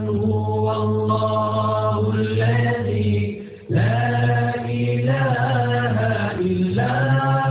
هو الله الذي لا إله إلا هو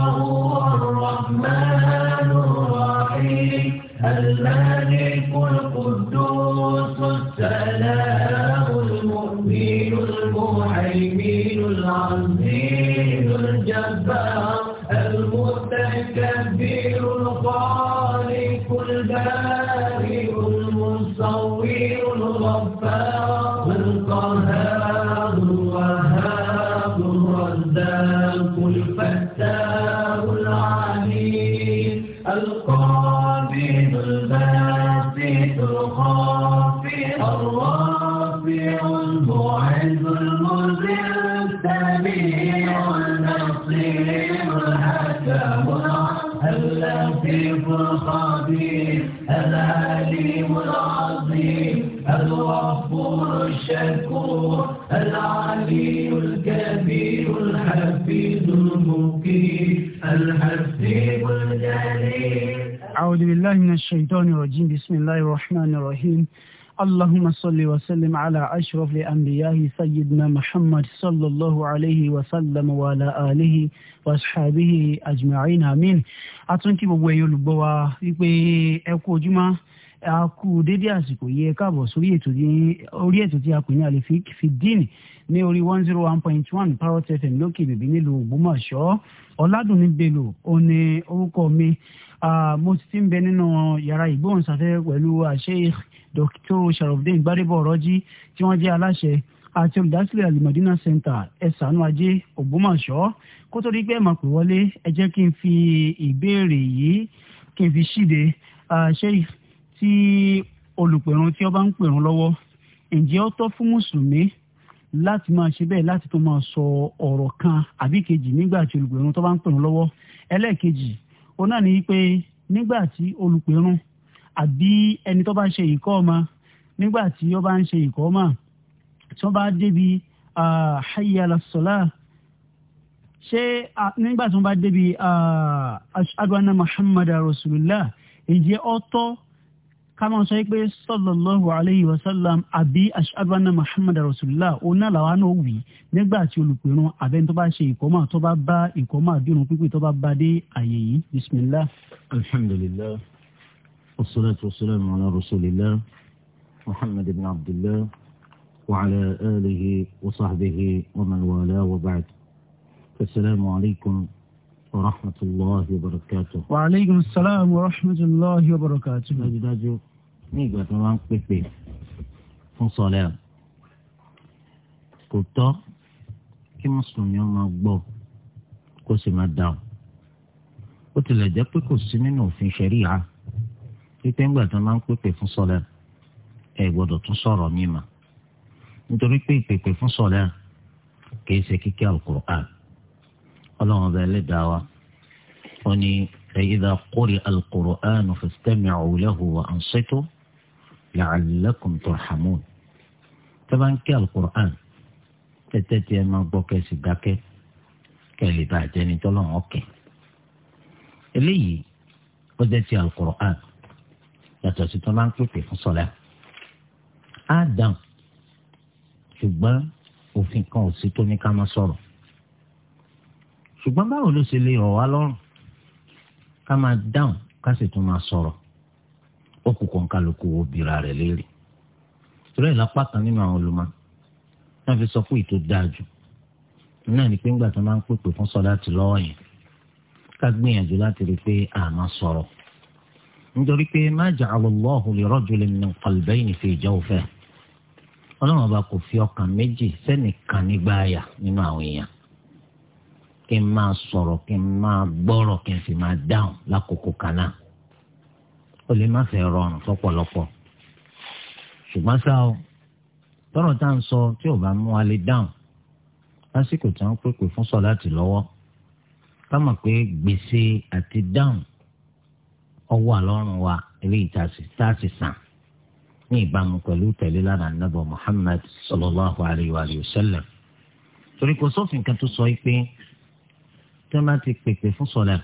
الله سيدنا محمد صلى الله عليه وسلم وعلى آله وأصحابه أجمعين آمين أتونكي بوبو يولوبو wípé ẹ kú ojúmọ́ a kú dédé àsìkò yẹ káàbọ̀ sórí ètò orí ètò tí a pè ní àlefik fìdín ní orí one zero one point one parrot fm lókè bèbí nílùú Ògbómọ̀ṣọ́ ọ̀làdùnní bello òní orúkọ mi mo ti ti ń bẹ nínú yàrá ìgbóhùnsáfẹ́ pẹ̀lú àṣẹ dr sharofdin gbadebo ọ̀rọ̀jì tí wọ́n jẹ́ aláṣẹ àti olùdásílẹ̀ alimadina center ẹ̀sánú ajé ògbómọ̀ṣọ́ kó tó rí pé màá pè wọlé ẹ jẹ́ kí n fi ìbéèrè yìí kí n fi ṣíde ṣé tí olùpẹ̀rùn tí ó bá ń pẹ̀rùn lọ́wọ́ ǹjẹ́ ó tọ́ fún mùsùlùmí láti máa ṣe bẹ́ẹ̀ láti tó máa sọ ọ̀rọ̀ kan àbí kejì nígbà tí olùpẹ̀rùn tó bá ń pẹ̀rùn lọ́wọ́ ẹlẹ́ẹ̀kejì ó náà ní pé nígbà tí olùpẹ̀rùn àbí ẹni tó bá ń ṣe ìkọ́ ọmọ nígbà tí ó bá ń ṣe ìkọ́ ọmọ tí wọ́n bá débi hayala sọlá ṣé nígbà tí wọ́n bá débi adúláńdà muhammad rasulullah ǹjẹ́ ọ̀tọ̀ kámá sọ pé sallallahu alayhi wa sallam àbí adúláńdà muhammad rasulullah ọ̀nà làwọn náà wì nígbà tí olùpẹ̀rún abẹ́ni tó bá ṣe ìkọ́mà tó bá bá ìkọ́mà àdúrún pípé tó bá bá dé àyè yìí bismillah. alhamdulillah wassalatu wassalamu ala rasulillah muhammad ibn abdullah. وعلى آله وصحبه ومن والاه وبعد السلام عليكم ورحمة الله وبركاته وعليكم السلام ورحمة الله وبركاته ناجي ناجي نيجا تمام بيك بيك فصلاة كتا كي مسلم يوم أبو كوسي مادا وتلا جابي كوسي منو في شريعة كي تنبغى تمام بيك بيك فصلاة أي بودو تصارو ميمه nítorí pé ìpèpè fún sọ̀rẹ́ kì í ṣe kíkẹ́ alukur'an ọlọ́run ọba ẹlẹ́dàá wa ó ní ẹ̀yẹ́dà kórè alukur'an fastami'u lahu wa ansitu la'allakum turhamun tẹ́bá ń kí alukur'an tẹ́tẹ́ tí ẹ máa gbọ́ kẹ́sì dákẹ́ kẹ́ lè bá àjẹni tọ́lọ́run ọ̀kẹ́ eléyìí ó jẹ́ ti alukur'an yàtọ̀ sí tọ́lá ń pèpè fún sọ̀rẹ́ á ṣùgbọ́n òfin kan ò sí tó ní ká má sọ̀rọ̀ ṣùgbọ́n báwo ló ṣe lè rọ̀ wá lọ́rùn ká máa dáhùn ká sì tún máa sọ̀rọ̀ ó kù kàn kálukú wo bìrà rẹ̀ léèrè torí ẹ̀ lápá kan nínú àwọn olùmọ̀ náà fi sọ pé ètò dáa jù náà ni pé ńgbà tó máa ń pèpè fún sọlá ti lọ́wọ́ yẹn ká gbìyànjú láti rí i pé a máa sọ̀rọ̀ nítorí pé ma ja'ala Allahu li rajulin min qalbayni fi jawfihi ọlọ́run ọba kò fi ọkàn méjì sẹ́nìkan nígbà àyà nínú àwọn èèyàn kí n máa sọ̀rọ̀ kí n máa gbọ́rọ̀ kí n sì máa dáhùn lákòókò kan náà ó lè má fẹ́ rọrùn fọ́pọ̀lọpọ̀ ṣùgbọ́n ṣá o tọ́rọ̀ tá à ń sọ tí ò bá mú wa lè dáhùn lásìkò tí wọ́n pèpè fún sọ láti lọ́wọ́ ká mọ̀ pé gbèsè àti dáhùn ọwọ́ àlọ́run wa eléyìí tá a sì sàn ní ìbámu pẹ̀lú tẹ̀lé lánàá nàbọ̀ Muhammad sallallahu alayhi wa sallam torí kò sófin kan tó sọ pé tí wọ́n bá ti pèpè fún sọ̀lá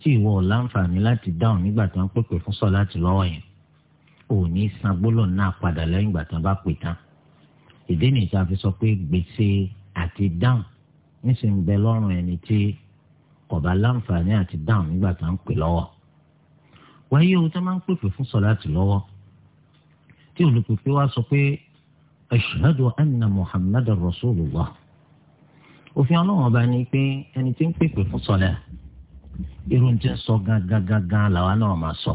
tí ìwọ ò láǹfààní láti dáhùn nígbà tí wọ́n pèpè fún sọ̀lá ti lọ́wọ́ yẹn ò ní san gbólóhùn náà padà lẹ́yìn ìgbà tí wọ́n bá pè tán ìdí nìyí tí a fi sọ pé gbèsè àti dáhùn nísìnyí bẹ lọ́rùn ẹni tí kò bá àti dáhùn nígbà tí wọ́n pè lọ́wọ́ tí olùkùnfin wa sọ pé ashhadu anna muhammadar rasulullah òfin ọlọ́wọ́n bá ní pé ẹni tí ń pèpè fún sọlẹ̀ irú tí ń sọ gangan làwa náà máa sọ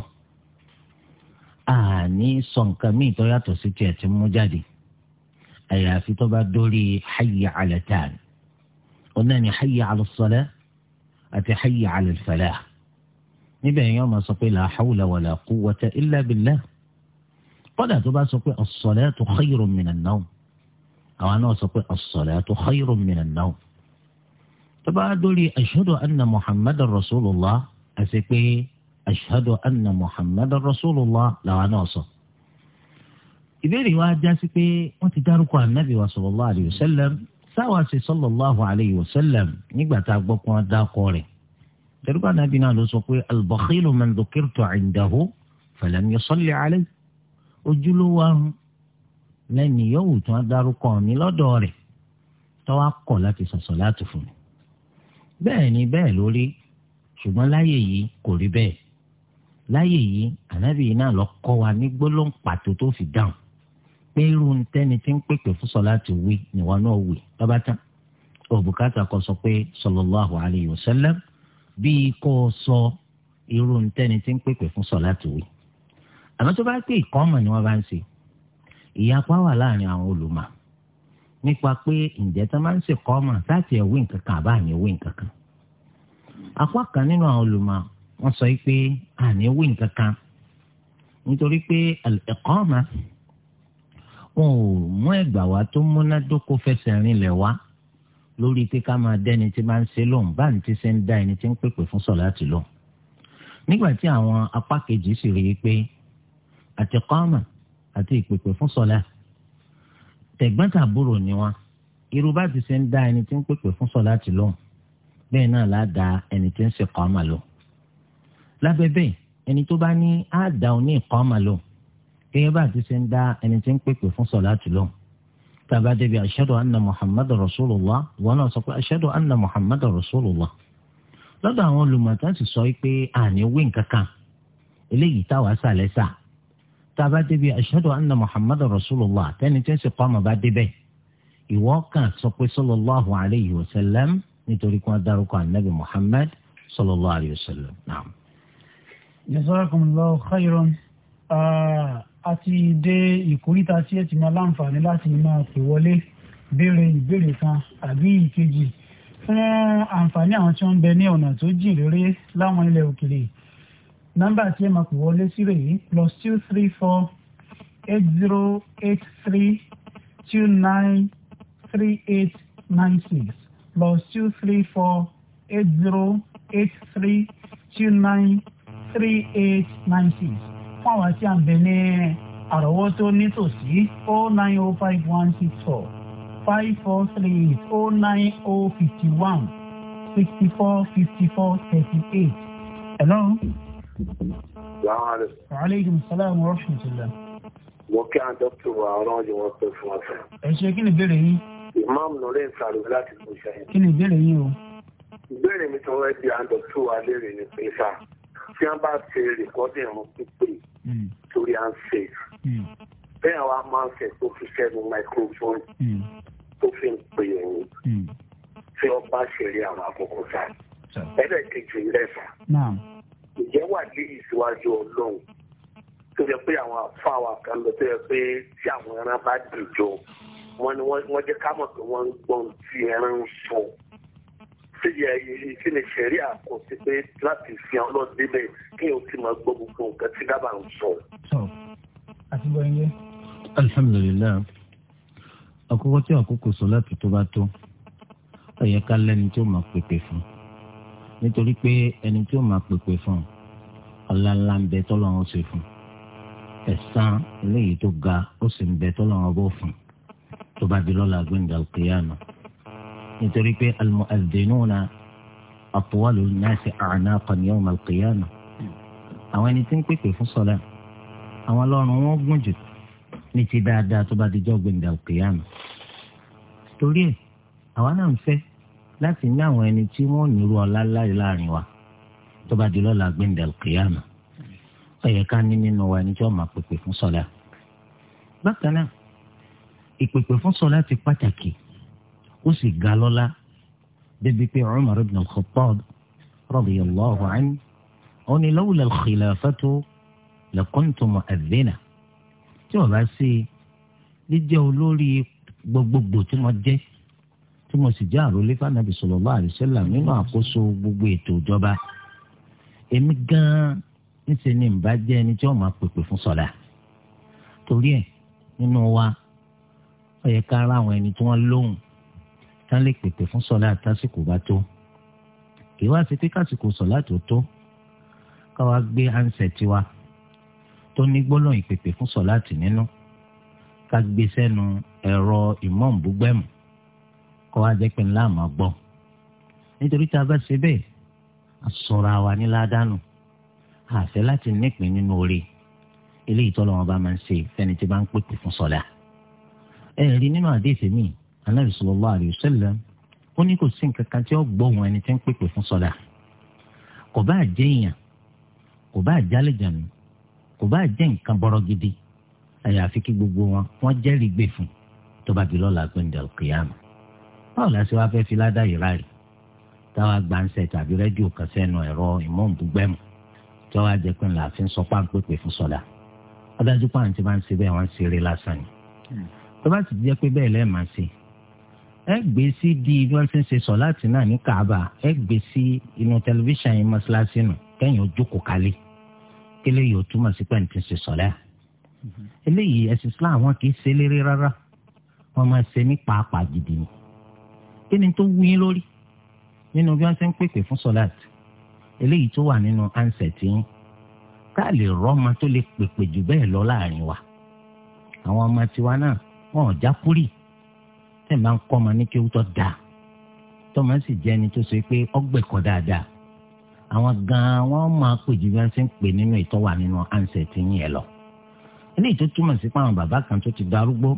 àní sọ nǹkan míì tó yàtọ̀ sí tiẹ̀ tí mú jáde àyàfi tó bá dórí hayya ala ọ̀nà ni hayya ala àti hayya ala níbẹ̀ yẹn wọ́n máa sọ pé la hawla wala quwwata illa billah kódà tó bá sọ pé as-salatu khayrun minan nawm àwọn náà sọ pé as-salatu khayrun minan nawm tó bá dórí ashhadu anna muhammadar rasulullah àti pé ashhadu anna muhammadar rasulullah làwọn náà sọ ìbéèrè wa já sí pé wọ́n ti dárúkọ ànábì wa sallallahu alayhi wa sallam sáwà sí sallallahu alayhi wa sallam nígbà tá a gbọ́ pé wọ́n dákọ rẹ̀ dárúkọ ànábì náà ló sọ pé al-bakhilu man dhukirtu indahu falam alayhi ojúlówó àrùn lẹ́ni yòówù tí wọ́n dárúkọ mi lọ́dọ̀ rẹ̀ tọ́wọ́ kọ̀ láti sọ̀sọ̀ láti fún mi. bẹ́ẹ̀ ni bẹ́ẹ̀ ló rí ṣùgbọ́n láyé yìí kò rí bẹ́ẹ̀ láyé yìí ànábì yìí náà lọ kọ́ wa ní gbólóhùn pàtó tó fi dáhùn pé irú tẹ́ni tí ń pèpè fún sọ láti wí níwọ náà wí lọ́ba tán òbúkátà kọ sọ pé sallallahu alayhi wa sallam bíi kó o sọ irú tẹ́ni tí ń pèpè fún sọ láti wí àmọ́ tó bá pé ìkọ́mọ̀ ni wọ́n bá ń ṣe ìyapa wà láàrin àwọn olùmọ̀ nípa pé ǹjẹ́ tó máa ń ṣe kọ́mọ̀ láti ẹ̀wé nǹkan kan àbá àmì ẹ̀wé nǹkan kan apá kan nínú àwọn olùmọ̀ wọ́n sọ pé àní ẹ̀wé nǹkan kan nítorí pé ẹ̀kọ́mọ̀ wọn ò mú ẹ̀gbà wá tó múnádóko fẹsẹ̀ rinlẹ̀ wá lórí pé ká máa dẹ́ni tí máa ń ṣe lóun bá ní ti ṣe ń dá ẹni tí ń pèpè fún sọ̀láàtì lóun nígbà tí àwọn apá kejì sì rí i pé àti kọ́mà àti ìpèpè fún sọ̀lá tẹ̀gbọ́n-tàbúrò ni wọn irú bá ti ṣe ń dá ẹni tí ń pèpè fún sọ̀lá ti lóhùn bẹ́ẹ̀ náà láà da ẹni tí ń ṣe kọ́mà lò lábẹ́ bẹ́ẹ̀ ẹni tó bá ní á da òní kọ́mà lò gẹ́gẹ́ bá ti ṣe ń dá ẹni tí ń pèpè fún sọ̀lá ti lóhùn tàbá débi ashadu anna muhammadu rasulullah wọn náà sọ pé ashadu anna muhammadu rasulullah lọ́dọ̀ àwọn olùmọ̀tá ti sọ pé àní wí nǹkan kan eléyìí táwa sàlẹ̀ sáà tá a bá débi ashhadu anna muhammadu rasulullah àtẹni tí ń sèkọ́ ọmọ bá débẹ̀ ìwọ kan sọ pé sallallahu alayhi wa sallam nítorí kí wọ́n dárúkọ anabi muhammad sallallahu alayhi wa sallam naam. jazakumullahu khairan àti dé ìkórìtà tí ẹ ti máa láǹfààní láti máa pè wọlé béèrè ìbéèrè kan àbí ìkejì fún àǹfààní àwọn tí wọ́n ń bẹ ní ọ̀nà tó jìn réré láwọn ilẹ̀ òkèèrè nọ́mbà tí ẹ máa kó wọlé sí rèé plus two three four eight zero eight three two nine three eight nine six plus two three four eight zero eight three two nine three eight nine six fún àwọn tí a ń bẹ ní nítòsí oh nine oh five one six four five four three eight oh nine oh fifty one sixty four fifty four thirty eight. Hello. Wàhálẹ́gùn sálámù rọ́ṣùtìlá. Mo kí àwọn dókítà àwọn ọjọ́ wọn pé fún ọ̀sẹ̀. Ẹ ṣe kí ni ìbéèrè yín? Ìmáàmù náà lè ń sàrò láti kú sẹ́yìn. Kí ni ìbéèrè yín o? Ìbéèrè mi tó wẹ́ di àwọn dókítà wa léèrè ni pé sá. Tí wọ́n bá ṣe rìkọ́dì ẹ̀rùn pípé torí à ń ṣe. Bẹ́ẹ̀ wa máa ń fẹ́ tó fi sẹ́nu microphone tó fi ń pè é ní. Tí wọ́n bá ṣe rí àwọn àkókò sá. Ẹ̀rẹ̀ kejì ń lẹ̀ sá ìjẹ́ wà ní ìsíwájú ọlọ́run tó yẹ pé àwọn afáwà kan lọ tó yẹ pé tí àwọn ẹran bá dìjọ wọn ni wọn jẹ ká mọ̀ pé wọ́n ń gbọ́n tí ẹran ń sọ sí yẹ kí ni sẹ̀rí àkọsí pé láti fi hàn lọ débẹ̀ kí o ti máa gbọ́ gbogbo nǹkan tí dábàá ń sọ. alhamdulilayi àkókò tí àkókò sọ láti tó bá tó ẹ̀yẹ ká lẹ́ni tó máa pèpè fún nítorí pé ẹni tí ó máa pèpè fún ọlá ńlá ń bẹ tọ́lọ́run ó ṣe fún ẹ̀san eléyìí tó ga ó sì ń bẹ tọ́lọ́run ó bọ̀ fún tó bá di lọ́la gbẹ̀ngà al-qiyāmah nítorí pé al-mu'adhdhinūna atwalu an-nāsi a'nāqan yawm al-qiyāmah àwọn ẹni tí ń pèpè fún sọ́lá àwọn ọlọ́run wọn gùn jù ní ti dáadáa tó bá di jọ́ gbẹ̀ngà al torí ẹ̀ àwa náà ń fẹ́ láti ní àwọn ẹni tí wọ́n nírú ọlá láì láàrin wa tó bá di lọ́la gbẹ̀ndẹ̀l kìyàmù ó yẹ ká ní nínú wa ẹni tí wọ́n máa pèpè fún sọ́lá. bákan náà ìpèpè fún sọ́lá ti pàtàkì ó sì ga lọ́lá débi pé Umar ibn al-Khattab radiyallahu anhu ó ní lawla al-khilafatu la kuntu tí wọ́n bá sí i jíjẹ́ olórí gbogbogbò tí wọ́n jẹ́ tí mo sì jẹ́ àròlé fànàbì sallallahu alaihi wasallam nínú àkóso gbogbo ètò ìjọba èmi gan-an níṣẹ́ ni ìbá jẹ́ ẹni tí wọ́n máa pèpè fún sọ̀dà torí ẹ̀ nínú wa ó yẹ ká ara àwọn ẹni tí wọ́n lóhùn tá lè pèpè fún sọ̀dà tásìkò bá tó kì í wá sí pé kásìkò sọ̀dà tó tó ká wá gbé handset tiwa tó ní gbólóhùn ìpèpè fún sọ̀dà tì nínú ká gbé sẹ́nu ẹ̀rọ ìmọ̀ǹbúgbẹ̀mù kọ́ wá jẹ́ pé ńlá àmọ́ gbọ́ nítorí tá a bá ṣe bẹ́ẹ̀ àsọ̀rọ̀ àwa ní ládàánù àfẹ́ láti nípìn nínú oore eléyìí tọ́lọ́ wọn bá máa ń ṣe fẹ́ni tí bá ń pèpè fún sọ́lá ẹ rí nínú àdéhìí mi anábì sallallahu alaihi wasallam ó ní kò sí nǹkan kan tí ó gbóhùn ẹni tí ń pèpè fún sọ́lá kò bá jẹ́ èèyàn kò bá jálè jànú kò bá jẹ́ nǹkan bọ́rọ̀ gidi àyàfi kí gbogbo wọn wọ́n jẹ́rìí gbè fún tó bá di lọ́la gbẹ̀ndẹ̀ al-qiyamah báwo la ṣe wá fẹ́ fi ládàá yìí ráàyè táwa gbàǹsẹ̀ tàbí rẹ́díò kan sẹ́nu ẹ̀rọ ìmọ̀ǹdùgbẹ́mù tí wọ́n á jẹ́ pé ńlá fi ń sọ páńpẹ́pẹ́ fún sọ́dà adájú pàrọ̀ tí bá ń ṣe bẹ́ẹ̀ wọ́n ń ṣeré lásán ni tó bá sì jẹ́ pé bẹ́ẹ̀ lẹ́ẹ̀ máa ṣe ẹ gbé sí di bí wọ́n ti ń ṣe sọ láti náà ní Kaaba ẹ gbé sí inú tẹlifíṣàn yìí mọ́ṣáláṣí nù kẹ́yìn ojókòó kalẹ̀ kélé yóò túmọ̀ sí pẹ́ẹ́n ṣe sọ̀lẹ́ à eléyìí ẹ̀sìn Islam wọn kì í ṣe léré rárá wọ́n máa ṣe ní pàápàá gidi ni kí ni tó wú yín lórí nínú bí wọ́n ṣe ń pèpè fún sọ́láàtì eléyìí tó wà nínú ansẹ̀ tí yín ká lè rọ́mọ tó lè pèpè jù bẹ́ẹ̀ lọ láàrin wa àwọn ọmọ tiwa náà wọn ò já kúrì máa ń kọ́ ọmọ ní kí ó tọ́ da tọ́mọ sì jẹ́ ẹni tó ṣe pé ọgbẹ̀kọ́ dáadáa àwọn gan-an wọ́n máa pè jù bí wọ́n ṣe ń pè nínú ìtọ́wà nínú ansẹ̀ tí yín ẹ lọ eléyìí tó túmọ̀ sí pé àwọn bàbá kan tó ti darúgbó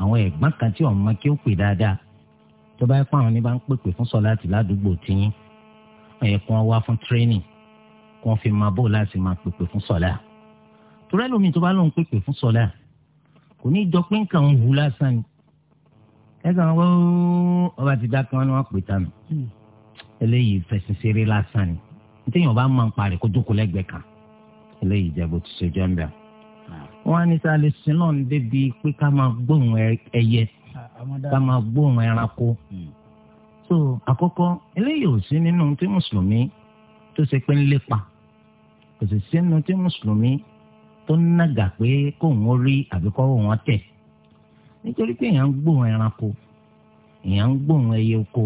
àwọn ẹ̀gbọ́n kan tí ọ̀mọ kí ó pè dáadáa tó bá yẹ kó àwọn ní bá ń pèpè fún sọláàtì ládùúgbò tiyín ó yẹ kó wọn wá fún tírénì kó wọn fi máa bò láti máa pèpè fún sọlá torí ẹlòmíì tó bá lóun pèpè fún sọlá kò ní jọ pé nǹkan ń hu lásán ni ẹ̀ka wọn ọba ti dákẹ́ wọn ni wọ́n pè tánu hmm. eléyìí fẹsẹ̀ ṣeré lásán ni nítéèyàn bá máa ń parí kó jókòó lẹ́gbẹ̀ẹ́ kan eléyìí jẹ́ bó ti ṣe jọ́ ń bẹ̀. Ah. wọ́n á ní sáà lè sin náà débi pé ká máa gbóhùn ẹyẹ ká máa gbóhùn ẹranko hmm. so àkọ́kọ́ eléyìí ò sí nínú tí mùsùlùmí tó ṣe pé ń lépa kò sì sí nínú tí mùsùlùmí tó ń nàgà pé kóun ó rí àbí kọ́wọ́ wọn tẹ̀ nítorí pé èèyàn ń gbóhùn ẹranko èèyàn ń gbóhùn ẹyẹ oko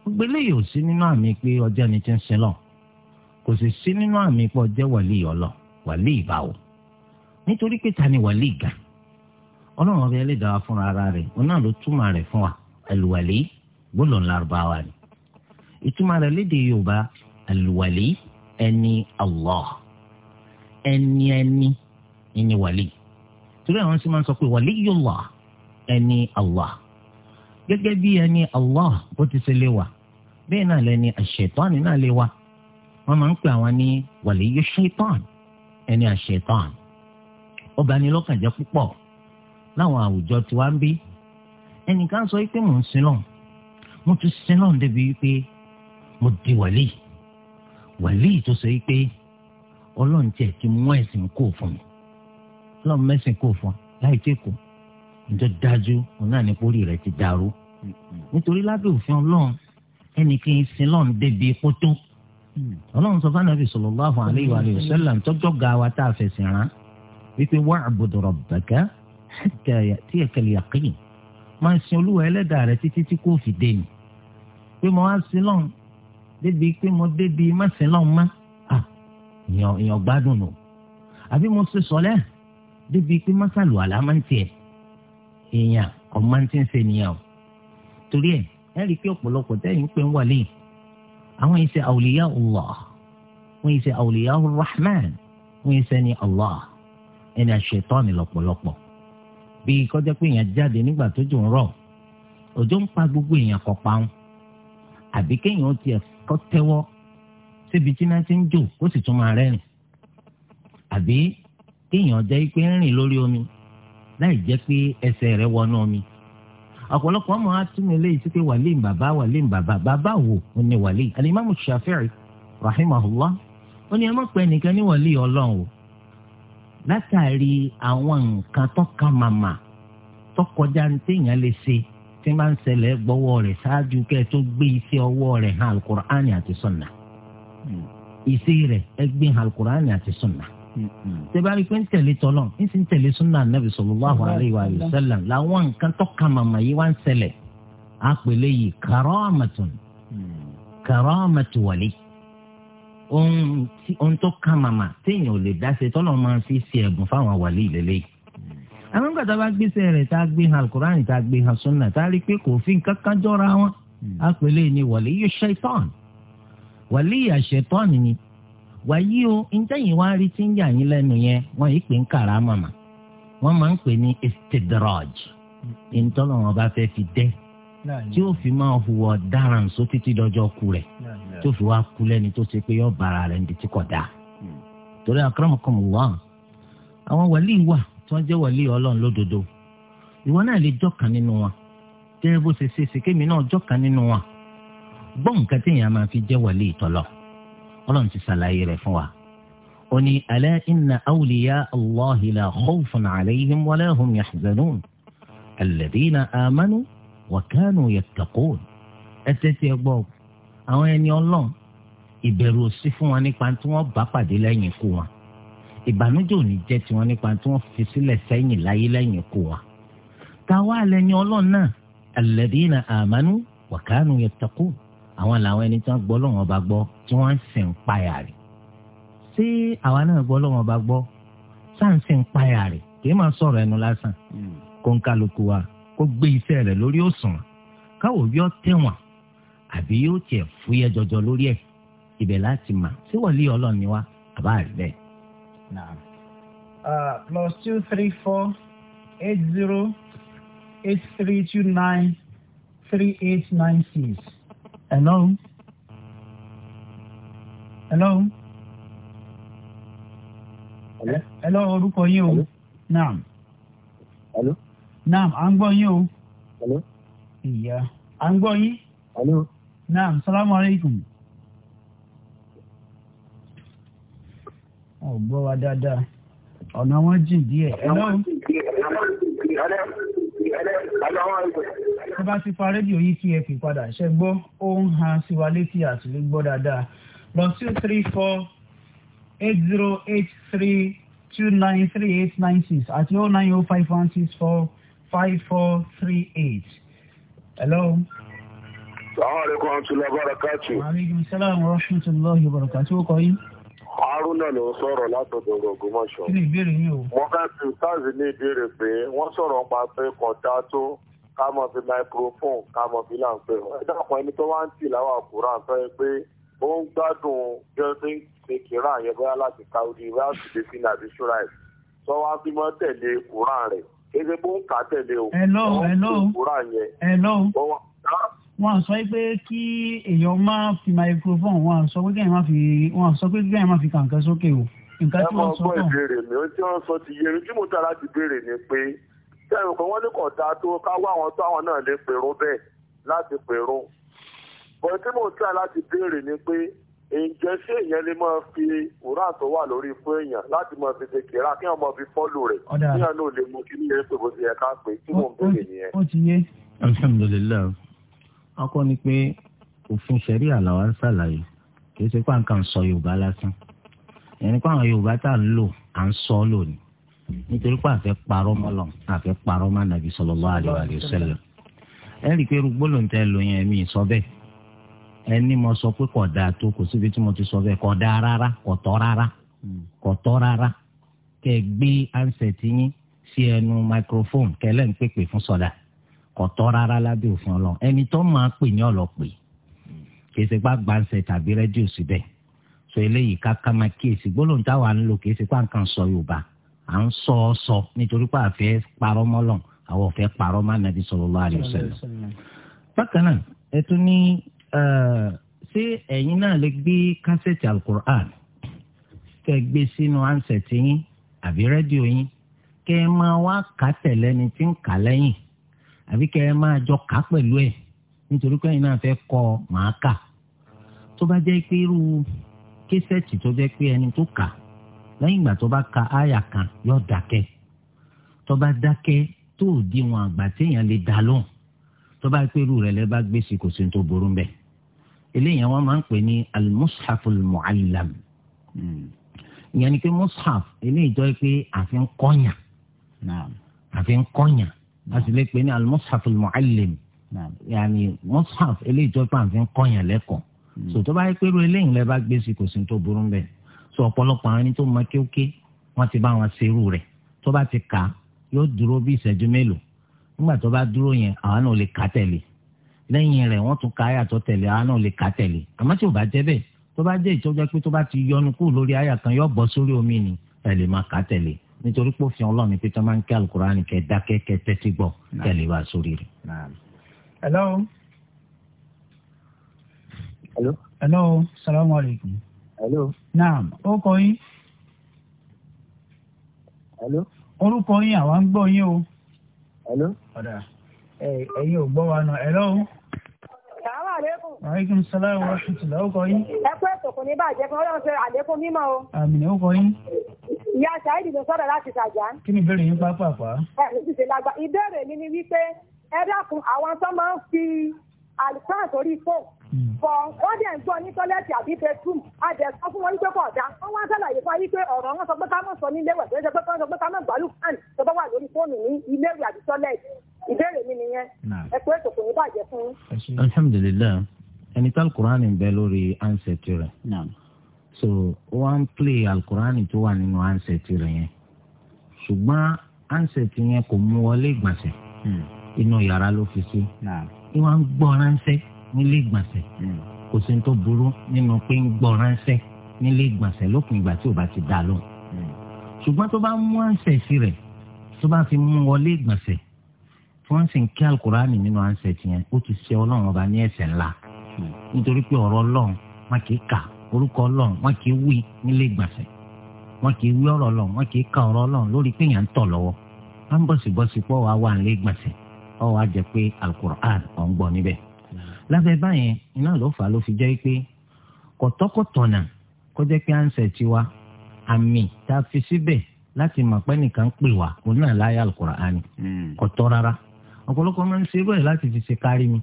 gbogbo eléyìí ò sí nínú àmì pé ọjọ́ ni ti ń sin lọ kò sì sí nínú àmì pé ọjọ́ wàlíì ọlọ wàlíì ìbáwò nítorí pé ta ni wàlíì gan ọlọ́run ọbẹ̀ lè dára fúnra ara rẹ̀ òun náà ló túmọ̀ rẹ̀ fún wa àlùwàlí gbólóhùn lárúbáwá ni ìtumọ̀ rẹ̀ léde yorùbá àlùwàlí ẹni allah ẹni ẹni ẹni wàlí torí àwọn sì máa ń sọ pé waliyullah ẹni allah gẹ́gẹ́ bí ẹni allah bó ti ṣe lé wa bẹ́ẹ̀ náà lẹni àṣetán náà lé wa wọ́n máa ń pè àwọn ní wàlíyù ṣetán ẹni àṣetán ó láwọn àwùjọ tí wàá ń bí ẹnìkan sọ pé mò ń sinlọ mo tún sinlọ débi pé mo di wàlíì wàlíì tó sọ pé ọlọ́run tiẹ̀ ti mú ẹ̀sìn kó fún mi ọlọ́run mẹ́sìn kó fún láì tí kò ǹjọ́ dájú òun náà ní pórí rẹ̀ ti dàrú nítorí lábẹ́ òfin ọlọ́run ẹnì kí n sin lọ́run débi kótó ọlọ́run sọ fún anabi sallallahu alaihi wa sallam tọ́jọ́ ga wa tá a fẹ̀sìn rán wípé wa'budu rabbaka hatta ya'tiyaka al-yaqin máa sin olúwa ẹlẹ́dàá rẹ títí tí kò fi dé ni pé mo wá sí lọ́n débi pé mo débi má sí lọ́n má èèyàn gbádùn nù àbí mo ṣe sọlẹ́ débi pé má sàlù àlá máa ń tiẹ̀ èèyàn ọmọ ti ń ṣe nìyẹn o torí ẹ ẹ rí i pé ọ̀pọ̀lọpọ̀ tẹ́yìn pé ń wà àwọn yìí ṣe awliya Allah wọ́n yìí Rahman wọ́n yìí ni Allah ẹni àṣetọ́ ni lọ́pọ̀lọpọ̀ bíi kọjá pé èèyàn jáde nígbà tó jò ń rọ̀ òjò ń pa gbogbo èèyàn kọ paun àbí kéèyàn tiẹ̀ kọ́ tẹ́wọ́ síbi tí náà ti ń jò kó sì tún máa rẹ́rìn àbí kéèyàn jẹ́ pé ń rìn lórí omi láì jẹ́ pé ẹsẹ̀ rẹ̀ wọnú omi ọ̀pọ̀lọpọ̀ ọmọ atúmọ̀ eléyìí sí pé wàlíì bàbá wàlíì bàbá bàbá wo ni wàlíì alimami shafi'i rahimahullah ó ní ẹ má pè nìkan ní wàlíì ọlọ́run o látàrí àwọn nǹkan tọ́ka màmá tọkọjá ní téèyàn lè ṣe tí máa ń ṣẹlẹ̀ gbọ́wọ́ rẹ̀ ṣáájú kẹ́ ẹ tó gbé iṣẹ́ ọwọ́ rẹ̀ hàn alukur'ani àti sunna iṣẹ́ rẹ̀ ẹ gbé hàn alukur'ani àti sunna tẹ́bárí pé ń tẹ̀lé tọ́lọ̀ ń sì ń tẹ̀lé sunna anabi sallallahu alayhi wa sallam làwọn nǹkan tọ́ka màmá yìí wá ń ṣẹlẹ̀ àpèlè yìí kàrọ́ọ̀mẹ̀tún kàrọ́ọ̀mẹ̀tún ohun tó kàn màmá téèyàn ò lè dá ṣe tọ́lọ́ máa fi ṣe ẹ̀bùn fáwọn wàlí ìlélẹ́yìí àwọn ìgbà tá a bá gbèsè rẹ̀ tá a gbé hàn alukur'an tá a gbé hàn sunna tá a rí i pé kò fi nǹkan kan jọra wọn a pè lè ní wàlíyù ṣaitan wàlíyà ṣaitan ni wàyí o ntẹ̀yìn wá rí tí ń yà yín lẹ́nu yẹn wọ́n yìí pè ń kàrà màmá wọ́n máa ń pè ní istidraj ìtọ́nà wọn bá fẹ́ fi dẹ́ tí ó fi máa hùwà ọ̀daràn só títí dọjọ́ ku rẹ̀ tí ó fi wá ku lẹ́ni tó ṣe pé yọ bàrà rẹ̀ níbi tí kò dáa hmm. torí akramakumullah àwọn wàlíì wà tí wọ́n jẹ́ wàlíì ọlọ́run lódodo ìwọ náà lè jọ́kan nínú wọn tẹ́ bó ṣe ṣe ṣe kémi náà jọ́kan nínú wọn gbọ́ nǹkan téèyàn máa fi jẹ́ wàlíì tọ́lọ̀ ọlọ́run ti ṣàlàyé rẹ̀ fún wa ó ní ala inna awliya allahi la khawfun alayhim wa la hum yahzanun alladhina amanu wàkánù yattaqun ẹsẹ̀ tí ẹ gbọ́ àwọn ẹni ọlọ́run ìbẹ̀rù òsì fún wọn nípa tí wọ́n bá pàdé lẹ́yìn ikú wọn ìbànújẹ́ òní jẹ́ tiwọn nípa tí wọ́n fi sílẹ̀ sẹ́yìn láyé lẹ́yìn ikú wọn. táwa lẹ́ni ọlọ́run náà alladhina amanu wàkánù yattaqun àwọn làwọn ẹni tí wọ́n gbọ́ lọ́wọ́n bá gbọ́ tí wọ́n ń sìn páyà ṣé àwa náà gbọ́ lọ́wọ́n bá gbọ́ sáà ń sìn páyà rẹ̀ kì í máa sọ̀rọ̀ ẹnu lásán hmm. kó ń kálukú wa kó gbé iṣẹ́ rẹ̀ lórí òsàn káwọ bí ó tẹ̀wọ̀n àbí yóò tiẹ̀ fúyẹ́ jọjọ lórí ẹ̀ ibẹ̀ láti mà sí wọlé Ọlọ́run ni wá àbá rí bẹ́ẹ̀. Ah, plus two three four eight zero eight three two nine three eight nine six. hello. hello. hello orúkọ yín o. naam. hello. hello? naam à ń gbọ́ yín o. alo. ìyá à ń gbọ́ yín. alo. naam salaamu aleykum. ọ̀ gbọ́ wa dáadáa ọ̀nà wọn jìn díẹ̀. ẹ̀rọ tó bá ti fa rédíò yìí kí ẹ fi padà ṣe gbọ́ ó ń han sí wa létí àtìlé gbọ́ dáadáa plus two three four eight zero eight three two nine three eight nine six àti oh nine oh five one six four five four three eight. hello. salaamaleykum atula barakatu. maaleykum salaam wa rahmatulahi wa barakatu. o kọ yín. haruna ló sọ̀rọ̀ látọ̀dọ̀ Ògbómọ̀ṣọ́. kí ni ìbéèrè yìí o. mo ká sí sars ní ìbéèrè pé wọ́n sọ̀rọ̀ pa pé kọ̀dá tó ká mọ̀ fi microphone ká mọ̀ fi láǹpẹ̀. ẹ dákun ẹni tó wá ń tì láwọn àkùrà sọ pé ó ń gbádùn jẹ́sìn ṣe kìíràn yẹn bóyá láti ka orí ìwé àṣìṣe sí nàìjíríà sọ wá bímọ tẹ̀lé kùràn rẹ̀ ebe bó ń kà á tẹ̀lé o. hello hello hello wọ́n sọ pé kí èèyàn máa fi microphone wọ́n sọ pé kéèyàn máa fi wọ́n sọ pé kéèyàn máa fi kàǹkà sókè o. ẹ máa gbọ́ ìbéèrè mi ohun tí wọ́n sọ ti yé mi tí mo tara ti béèrè ni pé sẹ́yìn kan wọ́n ní kò dáa tó ká wá àwọn náà lè pèrò bẹ́ẹ̀ láti pèrò. bọ̀ tí mo tà láti béèrè ni pé ǹjẹ́ ṣé èèyàn lè máa fi wúrà tó wà lórí fún èèyàn láti máa fi ṣe kìrà kí wọ́n máa fi fọ́lù rẹ̀ kí wọ́n náà lè mú kí ní ẹ̀rẹ́ pèbó ti ẹ̀ka pé tí mò ń bèèrè nìyẹn. ó ti yé alhamdulilayi ọkọ ni pé òfin ṣẹ̀rí àlàwà ń ṣàlàyé kì í ṣe pé nǹkan sọ yorùbá lásán ìyẹn pé àwọn yorùbá tá à ń lò à ń sọ lónìí nítorí pé àfẹ́ parọ́ mọ́lọ̀ àfẹ́ parọ́ mọ́ nàbí sallallahu alaihi wasallam ẹ̀ rí i ẹni mo sọ pé kò dáa tó kò síbi tí mo ti sọ bẹ́ẹ̀ kò dáa rárá kò tọ́ rárá hmm. kò tọ́ rárá kẹ́ gbé ansẹ̀tì yín sí ẹnu microphone kẹlẹ́ ń pèpè fún sọ̀dà kò tọ́ rárá lábẹ́ òfin ọlọ́run ẹni tó máa pè ní ọ̀lọ́pẹ̀ kì í ṣe pá gbànsẹ̀ tàbí rédíò síbẹ̀ sọ eléyìí káká máa kíyèsí gbólóhùn táwa ń lò kì í ṣe pá nǹkan sọ Yorùbá à ń sọ ọ sọ nítorí pé àfẹ́ parọ́ mọ́lọ̀ àwọn ọ̀fẹ́ parọ́ má nàbí sallallahu alaihi wasallam bákan náà ẹ tún ní ṣé ẹ̀yin náà lè gbé kásẹ̀tì alukur'an kẹ́ gbé sínú ansẹ̀tì yín àbí rédíò yín kẹ́ ẹ máa wá kà tẹ̀lé ni tí ń kà lẹ́yìn àbí kẹ́ ẹ máa jọ kà pẹ̀lú ẹ̀ nítorí pé ẹ̀yin náà fẹ́ kọ́ màá kà tó bá jẹ́ pé irú késẹ̀tì tó jẹ́ pé ẹni tó kà lẹ́yìn ìgbà tó bá ka àyà kan yóò dákẹ́ tó bá dákẹ́ tó òdiwọ̀n àgbà téèyàn lè dá lóhùn tó bá pé irú rẹ̀ lẹ́ bá gbé sí kò sí eléyìí wọn máa ń pè ní al-mushaf al-mu'allam hmm. ìyẹn ni pé mushaf eléyìí jọ pé àfi ń kọ́nyà àfi ń kọ́nyà a sì lè pè ní al-mushaf al-mu'allim yàní mushaf eléyìí jọ pé àfi ń kọ́nyà lẹ́kọ̀ọ́ hmm. so tó bá yẹ pé irú eléyìí lẹ bá gbé sí kò sí tó burú bẹ́ẹ̀ so ọ̀pọ̀lọpọ̀ àwọn ẹni tó mọ kéwké wọ́n ti bá wọn ṣerú rẹ̀ tó bá ti kà yóò dúró bí ìṣẹ́jú mélòó nígbà tó bá dúró yẹn àwọn náà lè kà tẹ̀lé lẹ́yìn rẹ̀ wọ́n tún ka àyà tó tẹ̀lé àwọn náà lè kà tẹ̀lé àmọ́ tí ò bá jẹ́ bẹ́ẹ̀ tó bá jẹ́ ìtọ́jú pé tó bá ti yọnu kú lórí àyà kan yọ bọ́ sórí omi ni ẹ lè máa kà tẹ̀lé nítorí pé òfin ọlọ́run ni pé tó máa ń kí alukur'an kẹ dákẹ́ kẹ tẹ́tí gbọ́ kẹ wá sórí rẹ̀. hello. hello. hello salamu alaykum. hello. naam ó kọ yín. hello. orúkọ yín àwa ń gbọ́ yín o. hello. ọ̀dà ẹ̀yin ò gbọ́ wa náà hello. hello? Àríkún Sálárù Washington, ó kọ yín. Ẹ pé kò ní bàjẹ́ fún ọlọ́run ṣe àlékún mímọ́ o. Àmì ó kọ yín. Ìyá Ṣáìdì ló sọ̀rọ̀ láti ṣàjà. Kí ni ìbéèrè yín pápápá? Ìbéèrè mi ni wípé ẹ dákun àwọn tó máa ń fi àlùfáà sórí fóònù. Bọ̀ hmm. wọ́n dẹ̀ ń gbọ́ ní tọ́lẹ́tì àbí bedroom. A dẹ̀ sọ fún wọn wípé kò dá. Wọ́n wá sàlàyé fún wa wípé ọ̀rọ̀ wọn sọ pé ká mọ̀ sọ ní ilé-ìwẹ̀ pé ká sọ pé ká mọ̀ gbàlù fáànì tó bá wà lórí fóònù ní ilé-ìwẹ̀ àbí tọ́lẹ́tì. Ìbéèrè mi nìyẹn. Ẹ pé ètò kò ní bàjẹ́ fún yín ẹni tí alukur'ani ń bẹ lórí ansẹ̀tì rẹ̀ so one play plé alukur'ani tó wà nínú ansẹ̀tì rẹ̀ yẹn ṣùgbọ́n ansẹ̀tì yẹn kò mú wọlé ìgbọ̀nsẹ̀ hmm. inú yàrá ló fi sí wọ́n ń gbọ́ ránṣẹ́ nílé ìgbọ̀nsẹ̀ hmm. kò sí tó burú nínú pé ń gbọ́ ránṣẹ́ nílé ìgbọ̀nsẹ̀ lópin ìgbà tí ò bá ti dá lóhùn hmm. ṣùgbọ́n tó bá mú ansẹ̀tì rẹ̀ tó bá fi mú wọlé ìgbọ̀nsẹ̀ tí wọ́n kí alukur'ani nínú ansẹ̀tì yẹn ó ti ṣe ọlọ́run ọba ní ẹ̀ṣẹ̀ ńlá nítorí pé ọ̀rọ̀ ọlọ́run wọn kì í kà orúkọ ọlọ́run wọn kì í wí nílé ìgbọ̀nsẹ̀ wọn kì í wí ọ̀rọ̀ ọlọ́run wọn kì í ka ọ̀rọ̀ ọlọ́run lórí pé yàn ń tọ̀ lọ́wọ́ wọn ń bọ̀sibọ̀si pọ̀ wá wà nílé ìgbọ̀nsẹ̀ ọ̀ wá jẹ pé alukur'an ọ̀ ń gbọ́ níbẹ̀. lábẹ́ báyẹn iná ló fà ló fi jẹ́ pé kọ̀tọ́kọ̀tọ̀nà kọjá pé ànsẹ̀ tiwa àmì tá fi síbẹ̀ láti mọ̀ pé nìkan pè wá òun náà láyé alukur'an hmm. kọ̀tọ́ rárá ọ̀pọ̀lọpọ̀ máa ń ṣerú ẹ̀ láti fi ṣe kárí mi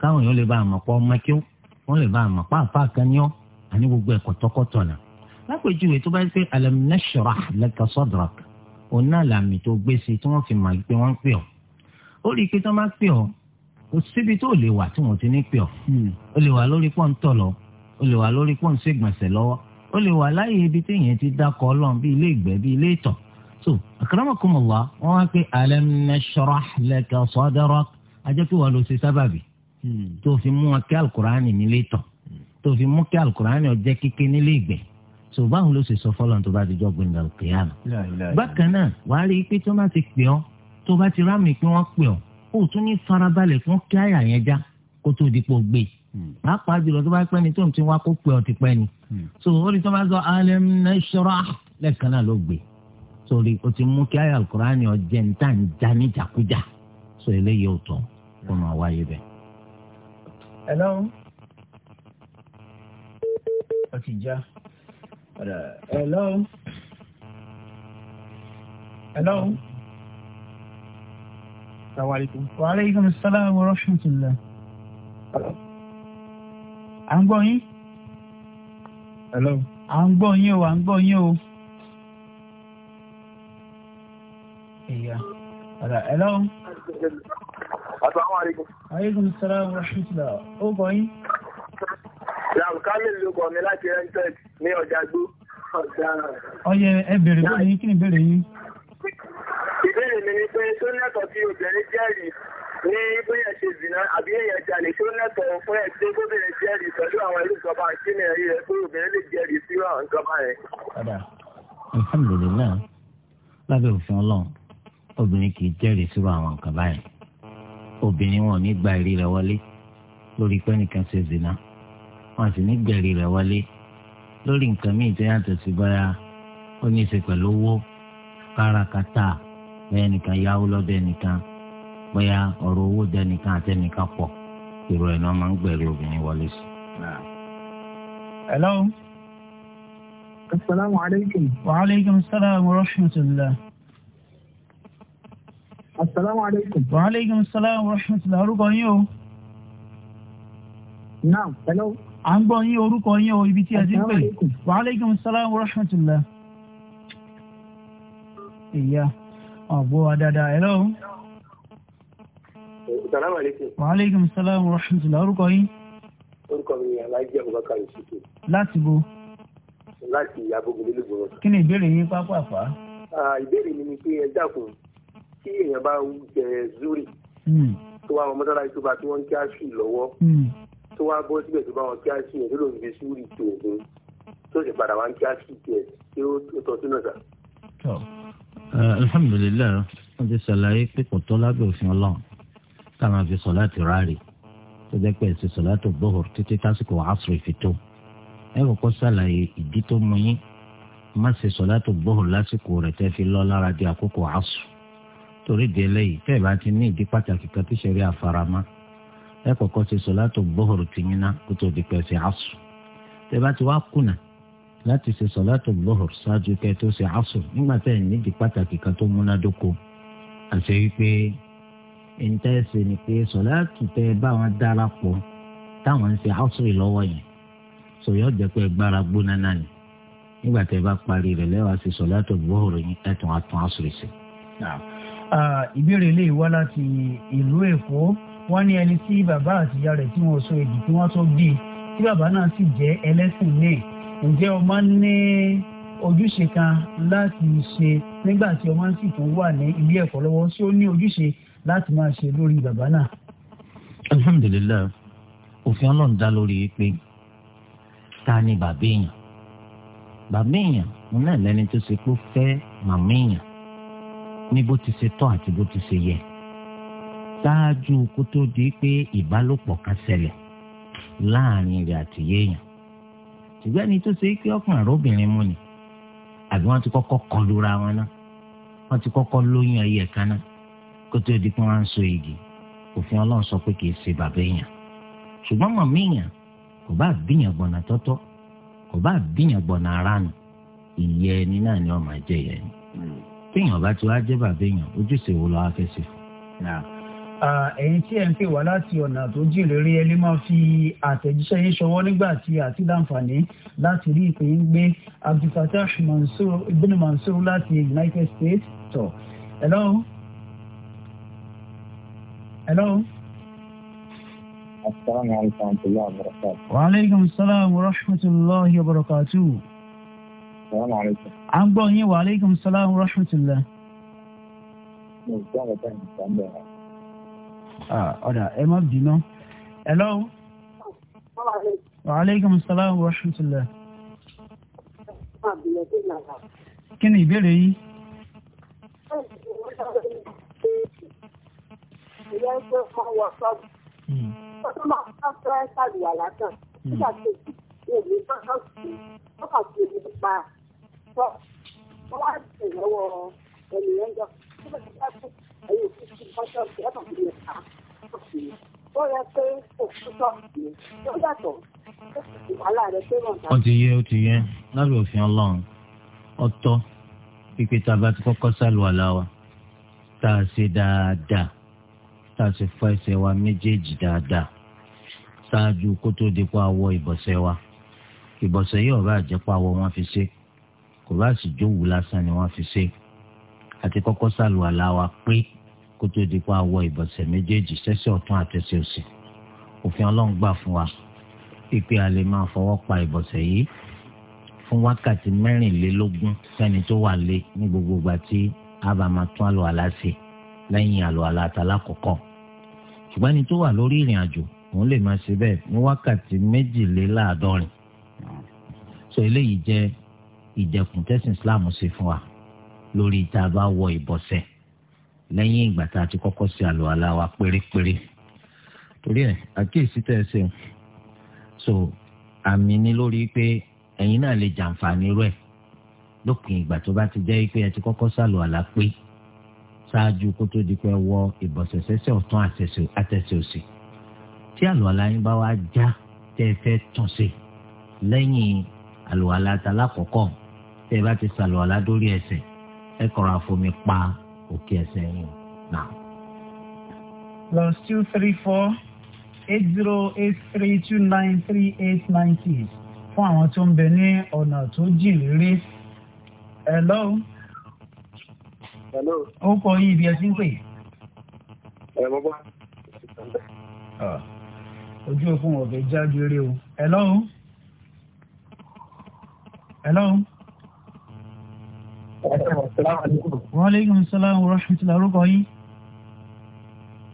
káwọn èèyàn lè bá àmọ̀ pọ̀ ọmọ kí ó wọ́n lè bá àmọ̀ pọ̀ àfa kan ní ọ́ àní gbogbo ẹ̀kọ́ tọkọtọ̀ náà. lápèjúwe tó bá ń pè alam nashrah laka sadrak òun náà làmì tó gbé sí tí wọ́n fi mọ̀ pé wọ́n ń pè ọ́ ó rí i pé tó máa pè ọ́ kò síbi tó lè wà tí wọ́n ti ní pè ọ́ hmm. ó lè wà lórí pọ́ńtọ̀ lọ ó lè wà lórí pọ́ńṣẹ́gbọ̀nsẹ̀ lọ́wọ́ ó lè wà láyé ibi téèyàn ti dákọ̀ ọlọ́run bíi ilé ìgbẹ́ bíi ilé ìtọ̀ so akramakumullah wọ́n wá pé alam nashrah laka sadrak ajẹ́ pé wọ́n lọ sábàbí tó fi mú wọn kí alukurani nílé tọ̀ tó fi mú kí alukurani ọjẹ́ kíké nílé ìgbẹ́ so báwo ló ṣe sọ fọlọ́n tó bá ti jọ gbẹ̀ngà òkè àná. bákan náà wàá rí i pé tó bá ti pè ọ́ tó bá ti rámì pé wọ́n pè ọ́ ó tún ní farabalẹ̀ fún kí àyà yẹn já kó tó dípò gbé hmm. pàápàá jùlọ tó bá pẹ́ ni tó ń ti wá kó pẹ́ ọ ti pẹ́ ni hmm. so ó ní tó bá sọ alam nashrah lẹ́ẹ̀kan náà ló gbé sórí o ti mú kí ayé alukurani ọjẹ́ níta ń já níjàkújà so eléyìí ò tọ́ kó máa wáyé bẹ́ẹ̀ hello ó ti já ọ̀dà hello hello. Assalamualaikum. Waalaikum assalam wa rahmatullah. À ń gbọ́ yín. Hello. À ń gbọ́ yín o, à ń gbọ́ yín o. Ìyá. Hello. Assalamu alaikum. Alaikum salaam wa rahmatullah. Ó kọ́ yín. Ìyàwó Kamil ló kọ̀ mi láti Rented ní ọjà gbó. Ọyẹ ẹ bèrè bóyá yín kí ni ìbéèrè yín? Ìbéèrè mi ni pé tó lẹ́tọ̀ọ́ tí obìnrin jẹ́rìí ní bóyá ṣe zìnà àbí èèyàn jalè tó lẹ́tọ̀ọ́ fún ẹ̀ tí gómìnà jẹ́rìí pẹ̀lú àwọn ìlú ìjọba ìṣínà ẹ̀rí rẹ̀ pé obìnrin lè jẹ́rìí sí àwọn ìjọba rẹ̀. Padà, alhamdulilayi, lábẹ́ òfin ọlọ́run, obìnrin kì í jẹ́rìí sí àwọn nǹkan báyìí obìnrin wọn ò ní gba ẹ̀rí rẹ̀ wọlé lórí pé nìkan ṣe zina wọn sì ní gbẹ̀rí rẹ̀ wọlé lórí nǹkan míì tó yàtọ̀ sí báyà ó ní í ṣe pẹ̀lú owó káràkátà bẹ́ẹ̀ nìkan yáwó lọ́dọ̀ ẹnìkan bóyá ọ̀rọ̀ owó dẹ́ nìkan àtẹnìkan pọ̀ èrò ẹ̀ náà máa ń gbẹ̀rí obìnrin wọlé sí. hello. asalaamualeykum. wa aleykum salaam wa rahmatulah asalaamualeykum. wa aleykum salaam wa rahmatulah orúkọ yín o. naam hello. à ń gbọ́ yín orúkọ yín o ibi tí ẹ ti pè. wa salaam wa rahmatulah. ìyá ọ̀bọ adada hello. salaamualeykum. wa aleykum salaam wa rahmatulah orúkọ yín. orúkọ mi ni alájẹ abubakar yusufu. láti bo. láti abogunlélégbòrò. kí ni ìbéèrè yín pápá fà ah, ìbéèrè mi ni pé ẹ dákun tí èèyàn bá ń jẹ zuri hmm. tó wà wọn mọ́tàlá tó bá tí wọ́n ń kí aṣù lọ́wọ́ hmm. tó wá bọ́ síbẹ̀ tó bá wọn kí aṣù yẹn tó lòun gbé zuri tó ògùn tó sì padà wá ń kí aṣù tiẹ̀ tí ó tọ́ sínú ọ̀sà. alhamdulilayi wọn ti ṣàlàyé pé kò tọ́ lábẹ́ òfin ọlọ́run táwọn àfi sọ láti ráàlì tó jẹ́ pé ẹ̀sìn sọ̀látò gbọ́hùr títí tásìkò àásùrì fi ẹ kọ́kọ́ ṣàlàyé ìdí tó mú yín má ṣe sọ̀látò gbọ́hùr lásìkò rẹ̀ tẹ́ fi lọ lára di àkókò àásù torí di eléyìí tẹ́ ẹ̀ bá ti ní ìdí pàtàkì kan tí sẹ́rí àfarama ẹ kọ́kọ́ ṣe sọ̀látù gbóhòrò tì yín ná kó tó di pẹ́ sí àṣù tẹ́ bá ti wá kùnà láti ṣe sọ̀látù gbóhòrò ṣáájú kẹ́ tó ṣe àṣù nígbà tẹ́ ẹ̀ ní ìdí pàtàkì kan tó múnádóko àṣẹ wípé ẹ̀ǹtẹ́ ṣe ni pé sọ̀látù tẹ́ bá wọn darapọ̀ táwọn ń ṣe àṣù lọ́wọ́ yẹn sọ̀yọ́ jẹ́ pé gbára gbóná náà ni nígbà tẹ́ bá parí rẹ̀ Ah, ìbéèrè lè wá láti ìlú èkó wọ́n ní ẹni tí bàbá àti ìyá rẹ̀ tí wọ́n so èdè tí wọ́n tó bí tí bàbá náà sì jẹ́ ẹlẹ́sìn náà ǹjẹ́ ọmọ ní ojúṣe kan láti ṣe nígbà tí ọmọ sì tún wà ní ilé ẹ̀kọ́ lọ́wọ́ ṣé ó ní ojúṣe láti máa ṣe lórí bàbá náà. alhamdulilayi òfin ọlọ́run dá lórí pé ta ni bàbá èèyàn bàbá èèyàn náà lẹni tó ṣe pé ó màmá èèyàn ní bó ti ṣe tọ́ àti bó ti ṣe yẹ ṣáájú kó tó di pé ìbálòpọ̀ kan ṣẹlẹ̀ láàrin rẹ̀ àti yéèyàn ṣùgbọ́n ẹni tó ṣe pé ọkàn àròbìnrin mu ni àbí wọ́n ti kọ́kọ́ kọlura wọn náà wọ́n ti kọ́kọ́ lóyún ẹyẹ kan náà kó tó di pé wọ́n so igi òfin ọlọ́run sọ pé kì í ṣe bàbá èèyàn ṣùgbọ́n màmí èèyàn kò bá bíyàn gbọ̀nà tọ́tọ́ kò bá bíyàn gbọ̀nà ìyẹn ẹni náà ni ọmọ ẹ̀jẹ̀ yẹn téèyàn bá ti wá jẹ́ bàbá èèyàn ojúṣe wo lọ́wọ́ fẹ́ ṣe fún. ẹ̀yin tí ẹ̀ ń pè wá láti ọ̀nà tó jìn lórí ẹ lè máa fi àtẹ̀jíṣẹ́ yín ṣọwọ́ nígbà tí àti láǹfààní láti rí ìpè yín gbé abdulfatah mansour ibn mansour láti united states tọ̀ hello hello. asalaamualeykum wa rahmatulahi wa barakatuh. wa aleykum salaam wa rahmatulahi Assalamu alaikum. À ń gbọ́ yín wa aleykum salaam wa rahmatullah. Mo gbọ́ àwọn ọ̀tá ìgbà ń bẹ̀rẹ̀. Ọ̀dà ẹ má bínú. Hello. Wa aleykum salaam wa rahmatullah. Kí ni ìbéèrè yìí? Ìyá ń pẹ́ fún àwọn hmm. ọ̀ṣọ́gun. Ọ̀ṣọ́ máa ń fẹ́ fẹ́ látàn. Nígbà tó ti ìwé bá ṣọ́ọ̀ṣì, ó kà sí pa sọ wọ́n wá sí ìlọ́wọ́ ènìyàn jọ tó bẹ̀rẹ̀ ti bá tó ọ̀sẹ̀ ẹ̀tọ́ fi lè ta tó fi yẹ pé òfin sọ lè tó yàtọ̀ pé wọ́n ta. ó ti yẹ ó ti yẹ lábẹ́ òfin ọlọ́run ọtọ́ pípé tá a bá ti kọ́kọ́ sálùwàlá wa tá a ṣe dáadáa tá a ṣe fọ ẹsẹ̀ wa méjèèjì dáadáa ṣáájú kó tó di pa àwọ̀ ìbọ̀sẹ̀ wa ìbọ̀sẹ̀ yóò bá àjẹpá àwọ̀ wọn fi ṣe kò bá sì jówù lásán ni wọ́n fi ṣe àti kọ́kọ́ sàlùwàlá wa pé kó tó di pa wọ ìbọ̀sẹ̀ méjèèjì sẹ́sẹ̀ ọ̀tún àtẹsẹ̀ òsì òfin ọlọ́run gbà fún wa pípé a lè máa fọwọ́ pa ìbọ̀sẹ̀ yìí fún wákàtí mẹ́rìnlélógún sẹ́ni tó wà lé ní gbogbo ìgbà tí a bá máa tún àlùwàlá ṣe lẹ́yìn àlùwàlá àtàlákọ̀ọ́kọ́ ṣùgbọ́n ẹni tó wà lórí ìrìn àjò òun lè máa ṣe bẹ́ẹ̀ ní wákàtí méjìléláàádọ́rin so eléyìí jẹ́ ìdẹ̀kùn tẹ́sìn islam ṣe fún wa lórí tá a bá wọ ìbọ̀sẹ̀ lẹ́yìn ìgbà tá a ti kọ́kọ́ ṣe àlùwàlá wa pérépéré torí ẹ̀ àkíyèsí tẹ̀ ṣe so àmì ni lórí pé ẹ̀yin náà lè jàǹfààní rẹ̀ lópin ìgbà tó bá ti jẹ́ pé ẹ ti kọ́kọ́ ṣàlùwàlá pé ṣáájú kó tó di pé wọ ìbọ̀sẹ̀ sẹ́sẹ̀ ọ̀tún àtẹ̀sẹ̀ òsì tí àlùwàlá yín bá wá já tẹ́ ẹ fẹ́ tún ṣe lẹ́yìn àlùwàlá ta lákọ̀ọ́kọ́ tẹ́ ẹ bá ti sàlùwàlá dórí ẹsẹ̀ ẹ kọ̀rọ̀ àfomi pa òkè ẹsẹ̀ yín náà. plus two three four eight zero eight three two nine three eight nine six fún àwọn tó ń bẹ ní ọ̀nà tó jìn rí. hello. hello. ó kọ yí ibi ẹ ti ń pè. ẹ bọ́ bá ojú òfin ọ̀fẹ́ jáde rí o. hello. hello wọ́n aleykum salaam wa rahmatulah orúkọ yín.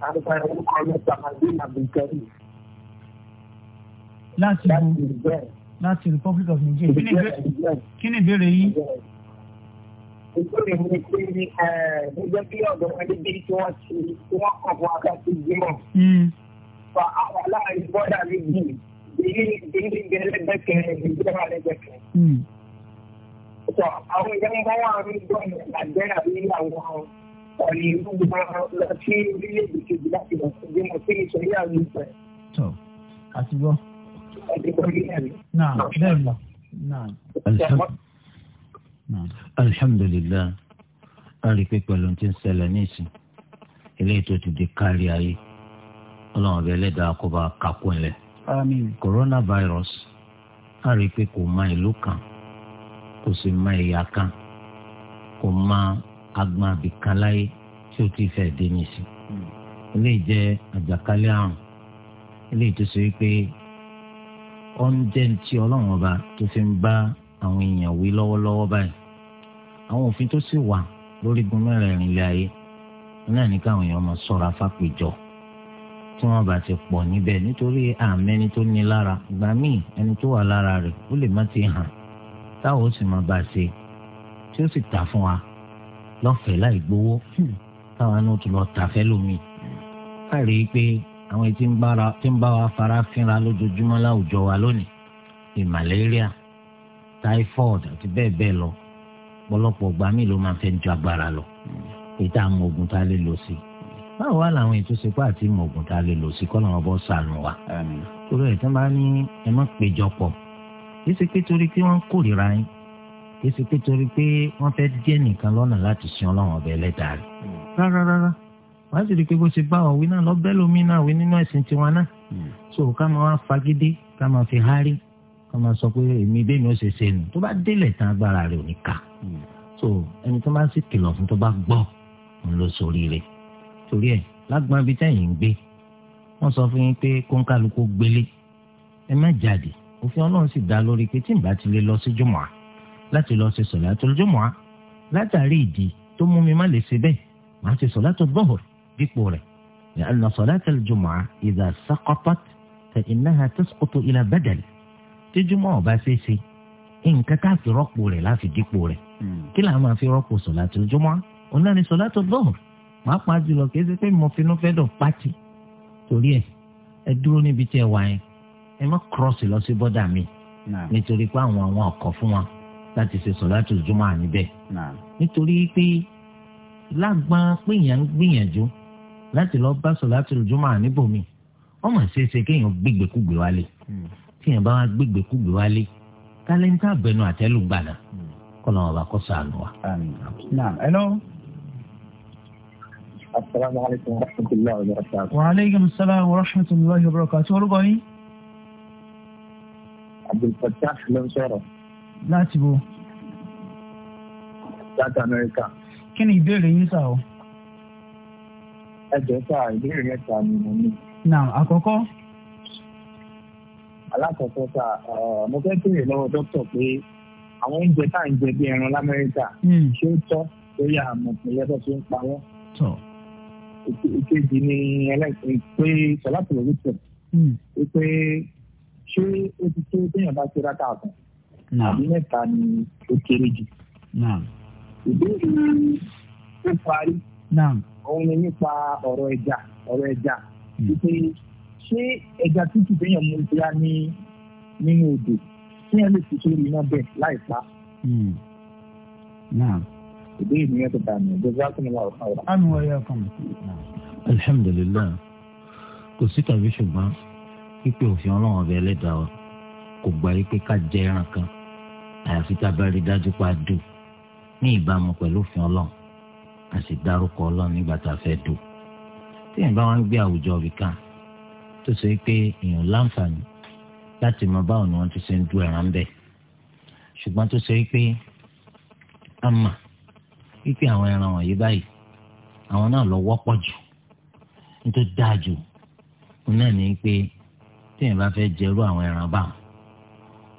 àdùkọ ẹ̀rọ orúkọ mi sàmàdín abdulkareem. láti láti Republic of Niger. kí ni ìbéèrè yín ìkórè mi pé ní gẹ́gẹ́ bí ọ̀dọ́ ọmọdébìnrin tí wọ́n ti tí wọ́n kàn fún akáàtì gbìmọ̀. fa àwọn aláàrin bọ́dà mi bì í èyí ni ìdílé gẹ́lẹ́gbẹ̀kẹ́ ìdílé gẹ́lẹ́gbẹ̀kẹ́ sọ àwọn ìyẹn bá wà ní gbọ́nà àgbẹ̀rẹ̀ àbí àwọn ọ̀nì ìlú máa lọ sí orílẹ̀-èdè kejì láti lọ sí bí mo ti ń sọ ní àwọn ìfẹ́. tọ àti gbọ́. àti gbọ́ ní ẹ̀rí. náà bẹ́ẹ̀ lọ. alhamdulilayi a rí i pé pẹ̀lú ti ń ṣẹlẹ̀ ní ìsìn eléyìí tó ti di kárí ayé ọlọ́run ọ̀bẹ ẹlẹ́dàá kó bá kakún lẹ̀. coronavirus a kò mọ ìlú kan kò sì mọ ẹ̀yà kan kò mọ agbọn àbìkan láyé tí ó ti fẹ́ dé nìsí. ilé jẹ́ àjàkálẹ̀ àrùn ilé tó ṣe pé ó ń jẹ́ ti ọlọ́run ọba tó fi ń bá àwọn èèyàn wí lọ́wọ́lọ́wọ́ báyìí. àwọn òfin tó sì wà lórí gun mẹ́rẹ̀ẹ̀rin ilé ayé náà ní káwọn èèyàn máa ṣọ́ra fápéjọ tí wọ́n bá ti pọ̀ níbẹ̀ nítorí àmẹ́ni tó ní lára ìgbà míì ẹni tó wà lára rẹ̀ ó lè má ti hàn táwọn ó sì máa bá a ṣe tí ó sì tà fún wa lọ́fẹ̀ẹ́ láì gbowó hmm. táwọn náà tún lọ tà fẹ́ lómi. a rí i pé àwọn tí ń bá wa fara fínra lójoojúmọ́ láwùjọ wa lónìí bíi malaria typhoid àti bẹ́ẹ̀ bẹ́ẹ̀ lọ ọ̀pọ̀lọpọ̀ ọgbà mi ló máa fẹ́ ju agbára lọ èyí tá a mọ oògùn tá a lè lò sí báwo wá làwọn ètò ìsìnkú àti mọ oògùn tá a lè lò sí kọ́ làwọn bọ́ sànù wa. torí ẹ̀ tí wọ́n bá ní ẹ má péjọ pọ̀ kìí ṣe pé torí pé wọ́n ń kórìíra yín kìí ṣe pé torí pé wọ́n fẹ́ jẹ́ nìkan lọ́nà láti sin ọlọ́run ọbẹ̀ ẹlẹ́dàá rẹ̀ rárá rárá wàá sì rí i pé bó ṣe bá ọ̀wí náà lọ́bẹ̀ lómi náà wí nínú ẹ̀sìn tiwọn náà hmm. so ká máa wá fagídé ká máa fi hárí ká máa sọ pé èmi bẹ́ẹ̀ ni ó ṣe ṣe nù tó bá délẹ̀ tán agbára rẹ̀ ò ní ká hmm. so ẹni tó bá sì kìlọ̀ fún tó bá gbọ́ ń lọ sórí rẹ̀ torí ẹ̀ lágbọ́n ibi tẹ́yìn ń gbé wọ́n sọ fún yín pé kóńkálukú gbélé ẹ má jáde òfin ọlọ́run sì dá lórí pé tí n bá ti lè lọ sí jùmọ̀á láti lọ ṣe sọ̀látùl jùmọ̀á látàrí ìdí tó mú mi má lè ṣe bẹ́ẹ̀ màá ṣe sọ̀látù dọ́hùr dípò rẹ̀ ní àná sọ̀látù jùmọ̀á ìdá saqatat fa innaha tasqutu ila badal tí jùmọ̀ ọ̀bá ṣe ṣe nǹkan ká fi rọ́pò rẹ̀ láfi dípò rẹ̀ hmm. kí làá máa fi rọ́pò sọ̀látùl jùmọ̀á òun náà ni sọ̀látù ẹ má kírọ́ọ̀sì lọ sí bọ́dà mi nítorí pé àwọn àwọn ọkọ̀ fún wọn láti ṣe sọ̀látù júmọ̀ níbẹ̀ nítorí pé lágbọ́n péyàn ń gbìyànjú láti lọ bá sọ̀látù júmọ̀ níbòmí wọ́n mọ̀ ṣeéṣe kéèyàn gbégbékúgbé wálé kéèyàn hmm. bá wá gbégbékúgbé wálé tálẹ́ńtà bẹnu àtẹ́lùgbà náà kọ́ làwọn bá kọ́ sànù wa. hello. asalaamualeykum wa rahmatulahi wa barakatuh. wa aleykum salaam wa rahmatulahi wa barakatuh. orúkọ abdulfatah ló ń sọ̀rọ̀. láti wo. láti amẹ́ríkà. kí ni ìbéèrè yín sà o. ẹ jẹ́ sà ìbéèrè mẹ́ta ni mo ní. naam àkọ́kọ́. alákọ̀ọ́kọ́ sà mo fẹ́ béèrè lọ́wọ́ dókítà pé àwọn oúnjẹ tá à ń jẹ bí ẹran lamẹ́ríkà hmm. ṣé ó tọ́ lórí àmọ̀ ìpínlẹ̀ tó ti ń pa wọ́n. ìkejì ni ẹlẹ́sìn pé sọlá tó lè wípé ṣé o ti tó téèyàn bá ti rákà kan àbí mẹ́ta ni ó kéré jù. ìbéèrè tó parí òun ni nípa ọ̀rọ̀ ẹja ọ̀rọ̀ ẹja hmm. wípé ṣé ẹja tútù téèyàn mú bíyá ní nínú odò téèyàn lè fi sórí iná bẹ́ẹ̀ láì pa. Hmm. ìbéèrè mi yẹn tó bá mi ọjọ́ bá kún mi láwùjọ. àmì wọ̀nyí ọkàn mi. alhamdulilayi kò sí tàbí ṣùgbọ́n pípé òfin ọlọ́run ọbẹ̀ ẹlẹ́dàá wa kò gba yí pé ká jẹ ẹran kan àyàfi tá a bá rí dájú pé a dùn ní ìbámu pẹ̀lú òfin ọlọ́run a sì dárúkọ ọlọ́run nígbà tá a fẹ́ dùn. téèyàn bá wá ń gbé àwùjọ ibì kan tó ṣe pé èèyàn láǹfààní láti mọ báwo ni wọ́n ti ṣe ń du ẹran bẹ́ẹ̀ ṣùgbọ́n tó ṣe pé a mà wípé àwọn ẹran wọ̀nyí báyìí àwọn náà lọ wọ́pọ̀ jù nítorí dáa jù náà ní pé téèyàn bá fẹ́ jẹrú àwọn ẹran bá wọn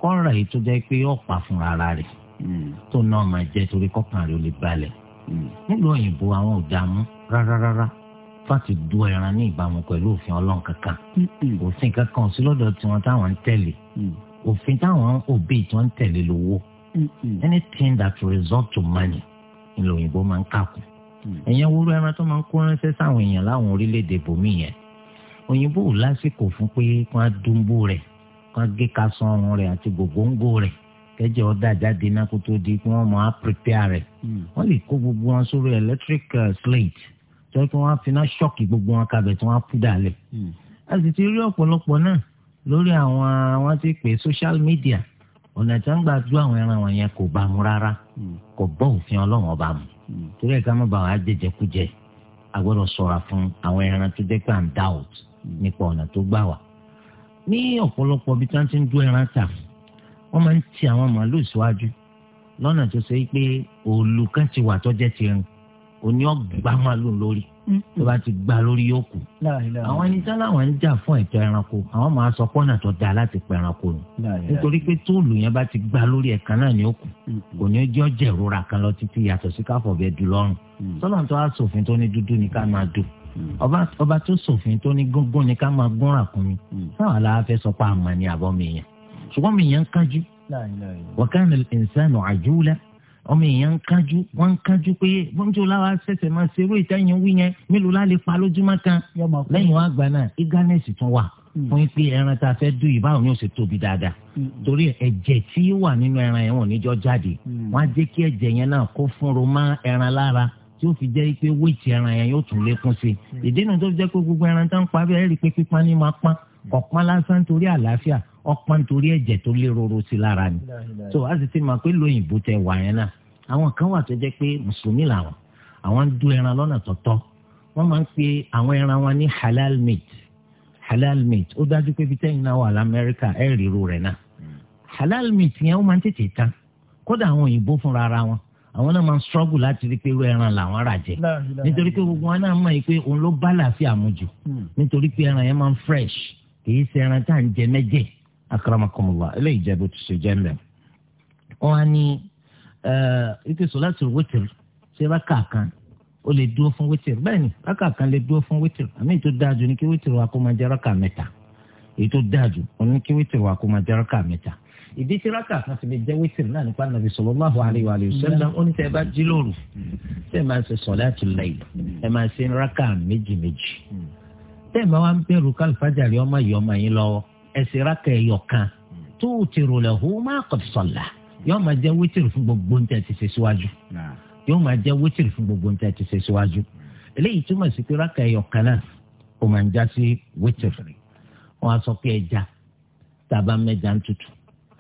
kọ́ra yìí tó jẹ́ pé yóò pa fúnra ara rẹ̀ hmm. tó náà máa jẹ́ torí kọ́kàn rẹ̀ ó lè balẹ̀ hmm. nílùú òyìnbó àwọn ò dààmú rárárárá fáti du ẹran ní ìbámu pẹ̀lú òfin ọlọ́run kankan hmm. òfin kankan sí lọ́dọ̀ tiwọn táwọn ń tẹ̀lé òfin táwọn òbí tí wọ́n ń tẹ̀lé lówó anything that result to money nílùú òyìnbó máa ń kàkùn ẹ̀yẹn wúrú ẹran tó máa ń kó ránṣẹ́ sáwọn èèyàn láwọn orílẹ̀-èdè bòmí yẹn òyìnbó ò lásìkò fún pé kán dúnbó rẹ̀ kán gé kaṣan ọrùn rẹ̀ àti gògóńgò rẹ̀ kẹjọ ọdà jáde náà kó tó di kí wọ́n máa prepare rẹ̀ hmm. wọ́n lè kó gbogbo wọn sórí electric uh, slate tó kí wọ́n fi náà ṣọ́ọ̀kì gbogbo wọn kabẹ̀ tí wọ́n púdà lẹ̀ hmm. a sì ti rí ọ̀pọ̀lọpọ̀ náà lórí àwọn wọn ti pè social media ọ̀nà tí wọ́n gbà ju àwọn ẹran wọn yẹn kò bá mu rárá hmm. kò bọ́ òfin ọlọ́run ọba mu torí ẹ̀ka mọ́ba wa jẹjẹkújẹ a gbọ́dọ̀ ṣọ́ra fún àwọn ẹran tó dẹ́gbà ń doubt nípa ọ̀nà tó gbà wá. ní ọ̀pọ̀lọpọ̀ ibi tí wọ́n ti ń dú ẹran tà wọ́n máa ń ti àwọn màálùú síwájú lọ́nà tó ṣe pé òòlù kan ti wà tọ́jẹ́ ti rìn òní ọ̀gbá màálùú lórí mm-hmm. tó bá ti gbá lórí yóò kù. àwọn ẹni tá láwọn ń jà fún ẹ̀tọ́ ẹranko àwọn máa sọ pọ́nà tó dáa láti pa ẹranko nù. nítorí pé tóòlù yẹn bá ti gbá lórí ẹ̀kan náà ni ó kù mm-hmm. kò ní jọ́ jẹ̀rora kan lọ títí yàtọ̀ sí káfọ̀ bẹ́ẹ̀ dùn lọ́rùn. Mm-hmm. sọ́nà tó a ṣòfin tó ní dúdú ni ká máa dùn ọba tó ṣòfin tó ní gúngún ni ká máa gún ràkúnmí hmm. sáwọn aláfẹ́ sọ pé àmọ́ ni àbọ̀ mi yẹn ṣùgbọ́n mi yẹn ń kájú wa kana al-insanu ajula ọmọ èèyàn ń kájú wọn ń kájú pé bọ́njú láwa ṣẹ̀ṣẹ̀ máa ṣe eré ìtẹ́yìn wí yẹn mélòó la lè pa lójúmọ́ kan lẹ́yìn wá gbà náà igánẹ́sì tún wà hmm. fún pé ẹran tá a fẹ́ dùn yìí báwo ni ó ṣe tóbi dáadáa hmm. torí ẹ̀jẹ̀ tí ó wà nínú ẹran yẹn wọn ò ní jọ jáde wọn á jẹ́ kí ẹ̀jẹ̀ yẹn náà kó fúnro mọ́ ẹran lára tí ó fi jẹ́ pé wéètì ẹran yẹn yóò tún lékún sí i hmm. ìdínà tó fi jẹ́ pé gbogbo ẹran tó ń pa bẹ́ẹ̀ rí pé pípán ní máa pán hmm. ọ̀pán lásán torí àlàáfíà ọ̀pán nítorí ẹ̀jẹ̀ tó lé roro sí lára ni tó a sì ti mọ̀ pé lóyìnbó tẹ wà yẹn náà àwọn kan wà tó jẹ́ pé mùsùlùmí làwọn àwọn ń du ẹran lọ́nà tọ̀tọ̀ wọ́n máa ń pe àwọn ẹran wọn ní halal meat halal meat ó dájú pé bitẹ́yìn náà wà lamẹ́ríkà hmm. halal meat yẹn ó máa ń tètè tán kódà àwọn náà máa ń struggle láti rí pé irú ẹran làwọn rà jẹ nítorí pé gbogbo wọn náà mọ̀ yìí pé òun ló bá làáfíà mu jù hmm. nítorí pé ẹran yẹn máa ń fresh kì í ṣe ẹran tá à ń jẹ mẹ́jẹ̀ akramakumullah eléyìí jẹ́ bó ti ṣe jẹ́ mẹ́rin. wọ́n á ní ike solatul witr ṣe rákà kan ó lè dúró fún witr bẹ́ẹ̀ ni rákà kan lè dúró fún witr àmì ètò dáàjù ní kí witr wa kó máa jẹ́ rákà mẹ́ta ètò dáàjù òun ní kí witr wa kó máa jẹ́ rákà mẹ́ta ìdí tí rákà kan ti lè jẹ́ wítìrì náà nípa nàbì sallallahu alaihi wa sallam ó ní tẹ́ ẹ bá jí lóru tẹ́ ẹ máa ṣe salatul layl ẹ máa ṣe rákà méjì méjì tẹ́ ẹ máa wá ń bẹ̀rù kálífàjàrí ọmọ yìí ọmọ yín lọ́wọ́ ẹ ṣe rákà ẹyọ kan tuutiru lahu ma qad salla yóò máa jẹ́ wítìrì yóò máa jẹ́ wítìrì fún gbogbo ń tẹ́ ti ṣe síwájú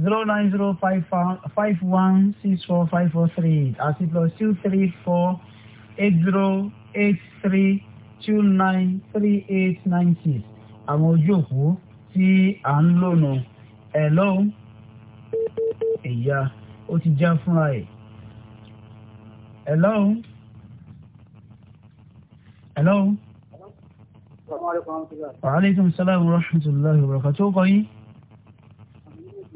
zero nine zero five five one six four five four three eight àti plus two three four eight zero eight three two nine three eight nine six àwọn ojú òpó tí à ń lò nù ẹ̀ lọ́hùn ìyá ó ti já fúnra ẹ̀ ẹ̀ lọ́hùn ẹ̀ lọ́hùn. wàhálà ìkànnì sálámù rahmatulahi wa barakatuh kọ́ yín.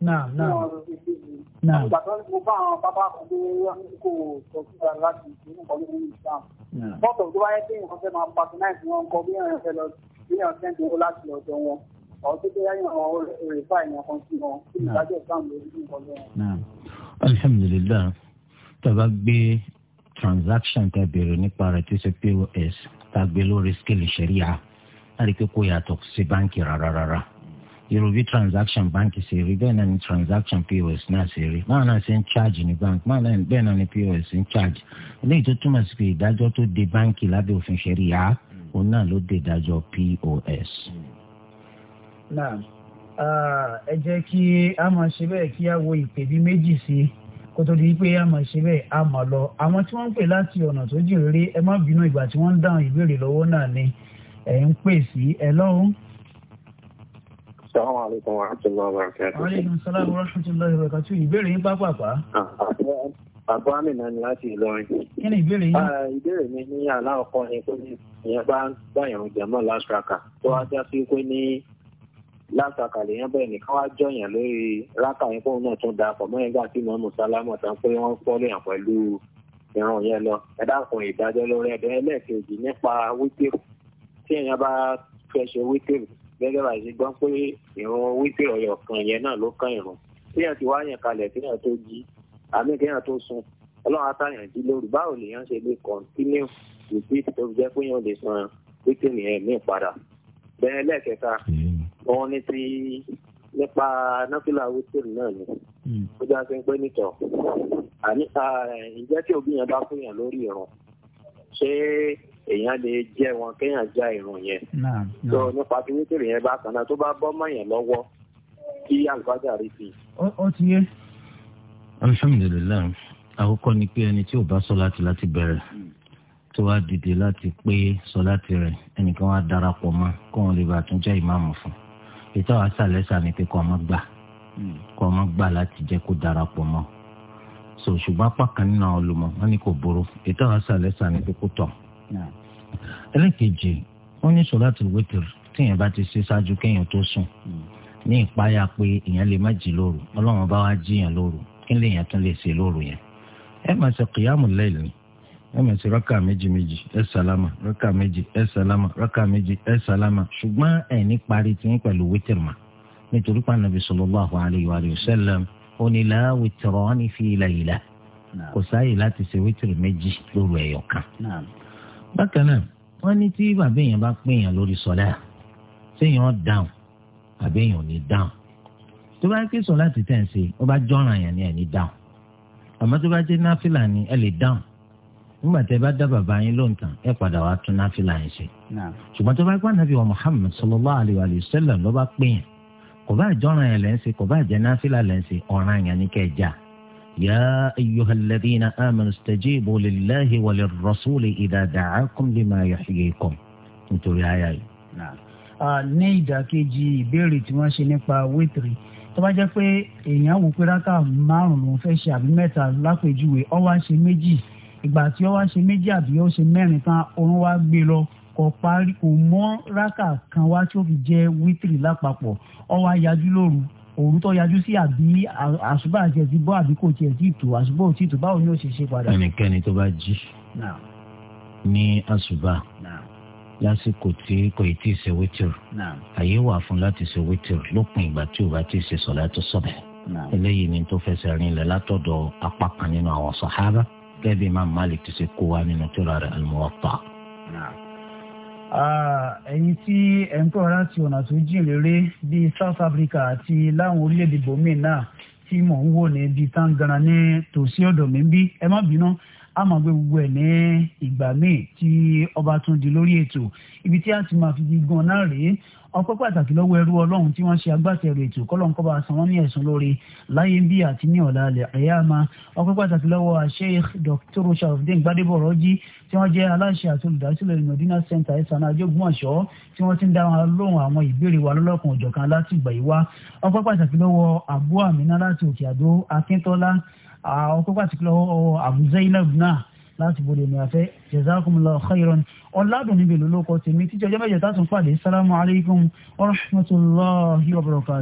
náà náà náà. ìgbà tó ń mo bá àwọn bàbá àkọ́kọ́ kò sọ síra láti ìlú nǹkan lórí islam. bọ́ọ̀tù tó bá yẹ kí nǹkan fẹ́ máa pàṣẹ náà fún wọn kọ bí èèyàn fẹ́ lọ bí èèyàn fẹ́ dúró láti ọ̀dọ̀ wọn. ọ̀rọ̀ tó bẹ́ẹ̀ yẹn àwọn òrèfà èèyàn kan sí wọn kí ìdájọ́ islam lórí nǹkan lórí. alhamdulilayi tàbá gbé transaction tẹ bèrè nípa rẹ tó ṣe pos tàgbé lórí scale ìṣẹ̀ríyà láti kó yàtọ̀ sí báńkì rárá rárá irú be transaction báńkì ṣe rí bẹ́ẹ̀ transaction pos náà ṣe rí báwọn náà ṣe ń charge ní bank bẹ́ẹ̀ náà ni pos ń charge eléyìí tó túmọ̀ sí pé ìdájọ́ tó de báńkì lábẹ́ òfin ṣẹ̀ríà òun náà lo de dajo pos. náà ẹ jẹ́ kí a máa ṣe bẹ́ẹ̀ kí a wo ìpè bí méjì sí i kó tó di pé a máa ṣe bẹ́ẹ̀ a máa lọ àwọn tí wọ́n ń pè láti ọ̀nà tó jìn rere ẹ má bínú ìgbà tí wọ́n ń dáhùn ìbéèrè lọ́wọ́ náà ni ẹ̀ ń pè sí ẹ lọ́hùn Assalamu alaikum wa rahmatullahi wa barakatuh. Wa alaikum assalam wa rahmatullahi wa barakatuh. Ìbéèrè yín pápápá. Àpò ah, ah, Amina ni láti Ìlọrin. Kí ni ìbéèrè yín? Ah, ìbéèrè mi ní aláwọ̀kọ́ ni pé ìyẹn bá gbàyàn jẹ̀mọ́ last raka tó wá já sí pé ní last raka lèèyàn bẹ̀rẹ̀ nìkan wá jọ̀yàn lórí raka yẹn fóun náà tún da pọ̀ mọ́yìn gbà tí Mọ́mú Sálámù tán pé wọ́n fọ́lé yàn pẹ̀lú ìran yẹn lọ. Ẹ dákun ìdájọ́ lórí ẹ̀dẹ́ ẹlẹ́ẹ̀kejì nípa wípé tí èèyàn bá fẹ́ ṣe wípé gẹ́gẹ́ bá ṣe gbọ́ pé ìrun wípé ọ̀yọ̀ kan yẹn náà ló kán ìrun téèyàn ti wá yẹn kalẹ̀ téèyàn tó jí àmì téèyàn tó sùn ọlọ́run atáyàn jí lóru báwo lèèyàn ṣe lè kọ́ntínú ìdí tó fi jẹ́ pé yẹn lè san wípé nìyẹn ní ìpadà bẹ́ẹ̀ lẹ́ẹ̀kẹta wọn hmm. ní ti nípa nọ́fìlà wípé náà ni hmm. ó já sí pé nìtọ̀ àní ìjẹ́ tí òbí yẹn bá fún yẹn lórí ìrun ṣé èèyàn lè jẹ wọn kéèyàn já irun yẹn tó nípa tí wítìrì yẹn bá kan náà tó bá bọ́ mọ̀yàn lọ́wọ́ kí àlùfáàjà rí sí. ó ti yé. alhamdulilayi àkọ́kọ́ ni pé ẹni tí ò bá sọ láti láti bẹ̀rẹ̀ tó wá dìde láti pé sọ láti rẹ̀ ẹnìkan wá darapọ̀ mọ́ kó wọn lè bàa tún jẹ́ ìmáàmù fún ètò àwọn àṣàlẹ́sà ni pé kọ́ ọmọ gbà kọ́ ọmọ gbà láti jẹ́ kó darapọ̀ mọ́ so ṣùgbọ́n apá kan nínú àwọn olùmọ̀ wọn ni kò burú ètò àwọn àṣàlẹ́sà ni pé kó tọ̀ ẹlẹ́kejì ó ní sọ̀láàtì wítìrì tíyẹn bá ti ṣe ṣáájú kéèyàn tó sùn ní ìpáyà pé èèyàn lè má jí lóru ọlọ́run bá wá jíyàn lóru kí lèèyàn tún lè ṣe lóru yẹn ẹ máa ṣe kìyàmù lẹ́yìn ẹ máa ṣe rákà méjì méjì ẹ sàlámà rákà méjì ẹ sàlámà rákà méjì ẹ sàlámà ṣùgbọ́n ẹ̀ ní parí ti ń pẹ̀lú wítìrì mà nítorí pé Ànábì sallallahu alayhi wa bákan náà wọ́n ní tí bàbá èèyàn bá pè èèyàn lórí sọlá séèyàn dáhùn àbí èèyàn ò ní dáhùn tó bá ké sọ láti tẹ̀ ń ṣe ó bá jọ́ràn èèyàn ní ẹ̀ ní dáhùn àmọ́ tó bá jẹ́ náfìlà ni ẹ lè dáhùn nígbà tẹ bá dá bàbá yín lóǹtàn ẹ padà wàá tún náfìlà yín ṣe. ṣùgbọ́n tó bá gbọ́ nàbí wa Muhammad sallallahu alayhi wa sallam ló bá pè yàn kò bá jọ́ràn yẹn lẹ́ kò bá jẹ́ náfìlà lẹ́ ọ̀ràn yẹn ní kẹ́ يا أيها الذين آمنوا استجيبوا لله وللرسول إذا دعاكم لما يحييكم nítorí àyà yìí. ní ìdàkejì ìbéèrè tí wọ́n ṣe jẹ́ pé èèyàn wò pé rákà márùn-ún fẹ́ ṣe àbí mẹ́ta lápèjúwe ó wá ṣe méjì ìgbà tí ó wá ṣe méjì àbí ó ṣe mẹ́rin tán oorun wá gbé lọ kò parí kò mọ́ rákà kan wá tí fi jẹ́ wétìrì lápapọ̀ ó wá yajú lóru òru tó yájú sí àbí àṣùbà àti ẹ̀sìn bọ́ àbí kò tiẹ̀ tí tù àṣùbà ò tí tù báwo ni ó ṣe ṣe padà. ẹnikẹ́ni tó bá jí ní àṣùbà lásìkò tí kò ì tí ṣe wítìrì àyè wà fún láti ṣe wítìrì lópin ìgbà tí ò bá tí ì ṣe sọ̀látù sọ̀bẹ̀ eléyìí ni tó fẹsẹ̀ rinlẹ̀ látọ̀dọ̀ apá nínú àwọn sàhábà gẹ́gẹ́ bí Imam Malik ti ṣe kó wa nínú tírà ẹ̀yin tí ẹ̀ ń kọ́ láti ọ̀nà tó jìn réré bíi South Africa àti láwọn orílẹ̀-èdè bòmíì náà tí mò ń wò ní bíi tangana ní tòsí ọ̀dọ̀ mi bí ẹ má bínú a máa gbé gbogbo ẹ̀ ní ìgbà míì tí ọba tún di lórí ètò ibi tí a ti máa fi gígan náà rèé ọpẹ́ pàtàkì lọ́wọ́ ẹrú ọlọ́run tí wọ́n ṣe agbátẹrù ètò kọ́lọ́n kọ́ba san wọ́n ní ẹ̀sùn lórí láyé bí àti ní ọ̀la alẹ́ àyàmá ọpẹ́ pàtàkì lọ́wọ́ Sheikh Dr. Sharafdin Gbadebo Rọ́jí tí wọ́n jẹ́ aláṣẹ àti olùdásílẹ̀ medina center ìsànà àjọgbọ́nṣọ́ tí wọ́n ti ń dá lóhùn àwọn ìbéèrè wa lọ́lọ́kan òjọ̀kan láti ìgbà yìí wá ọpẹ́ pàtàkì lọ́wọ́ abu amina láti òkè àdó akíntọ́lá ọpẹ́ pàtàkì lọ́wọ́ abu náà láti bọ̀dọ̀ ní afẹ́ jazakumullahu khairan ọ̀làdùn níbi tèmi títí ọjọ́ mẹ́jọ tá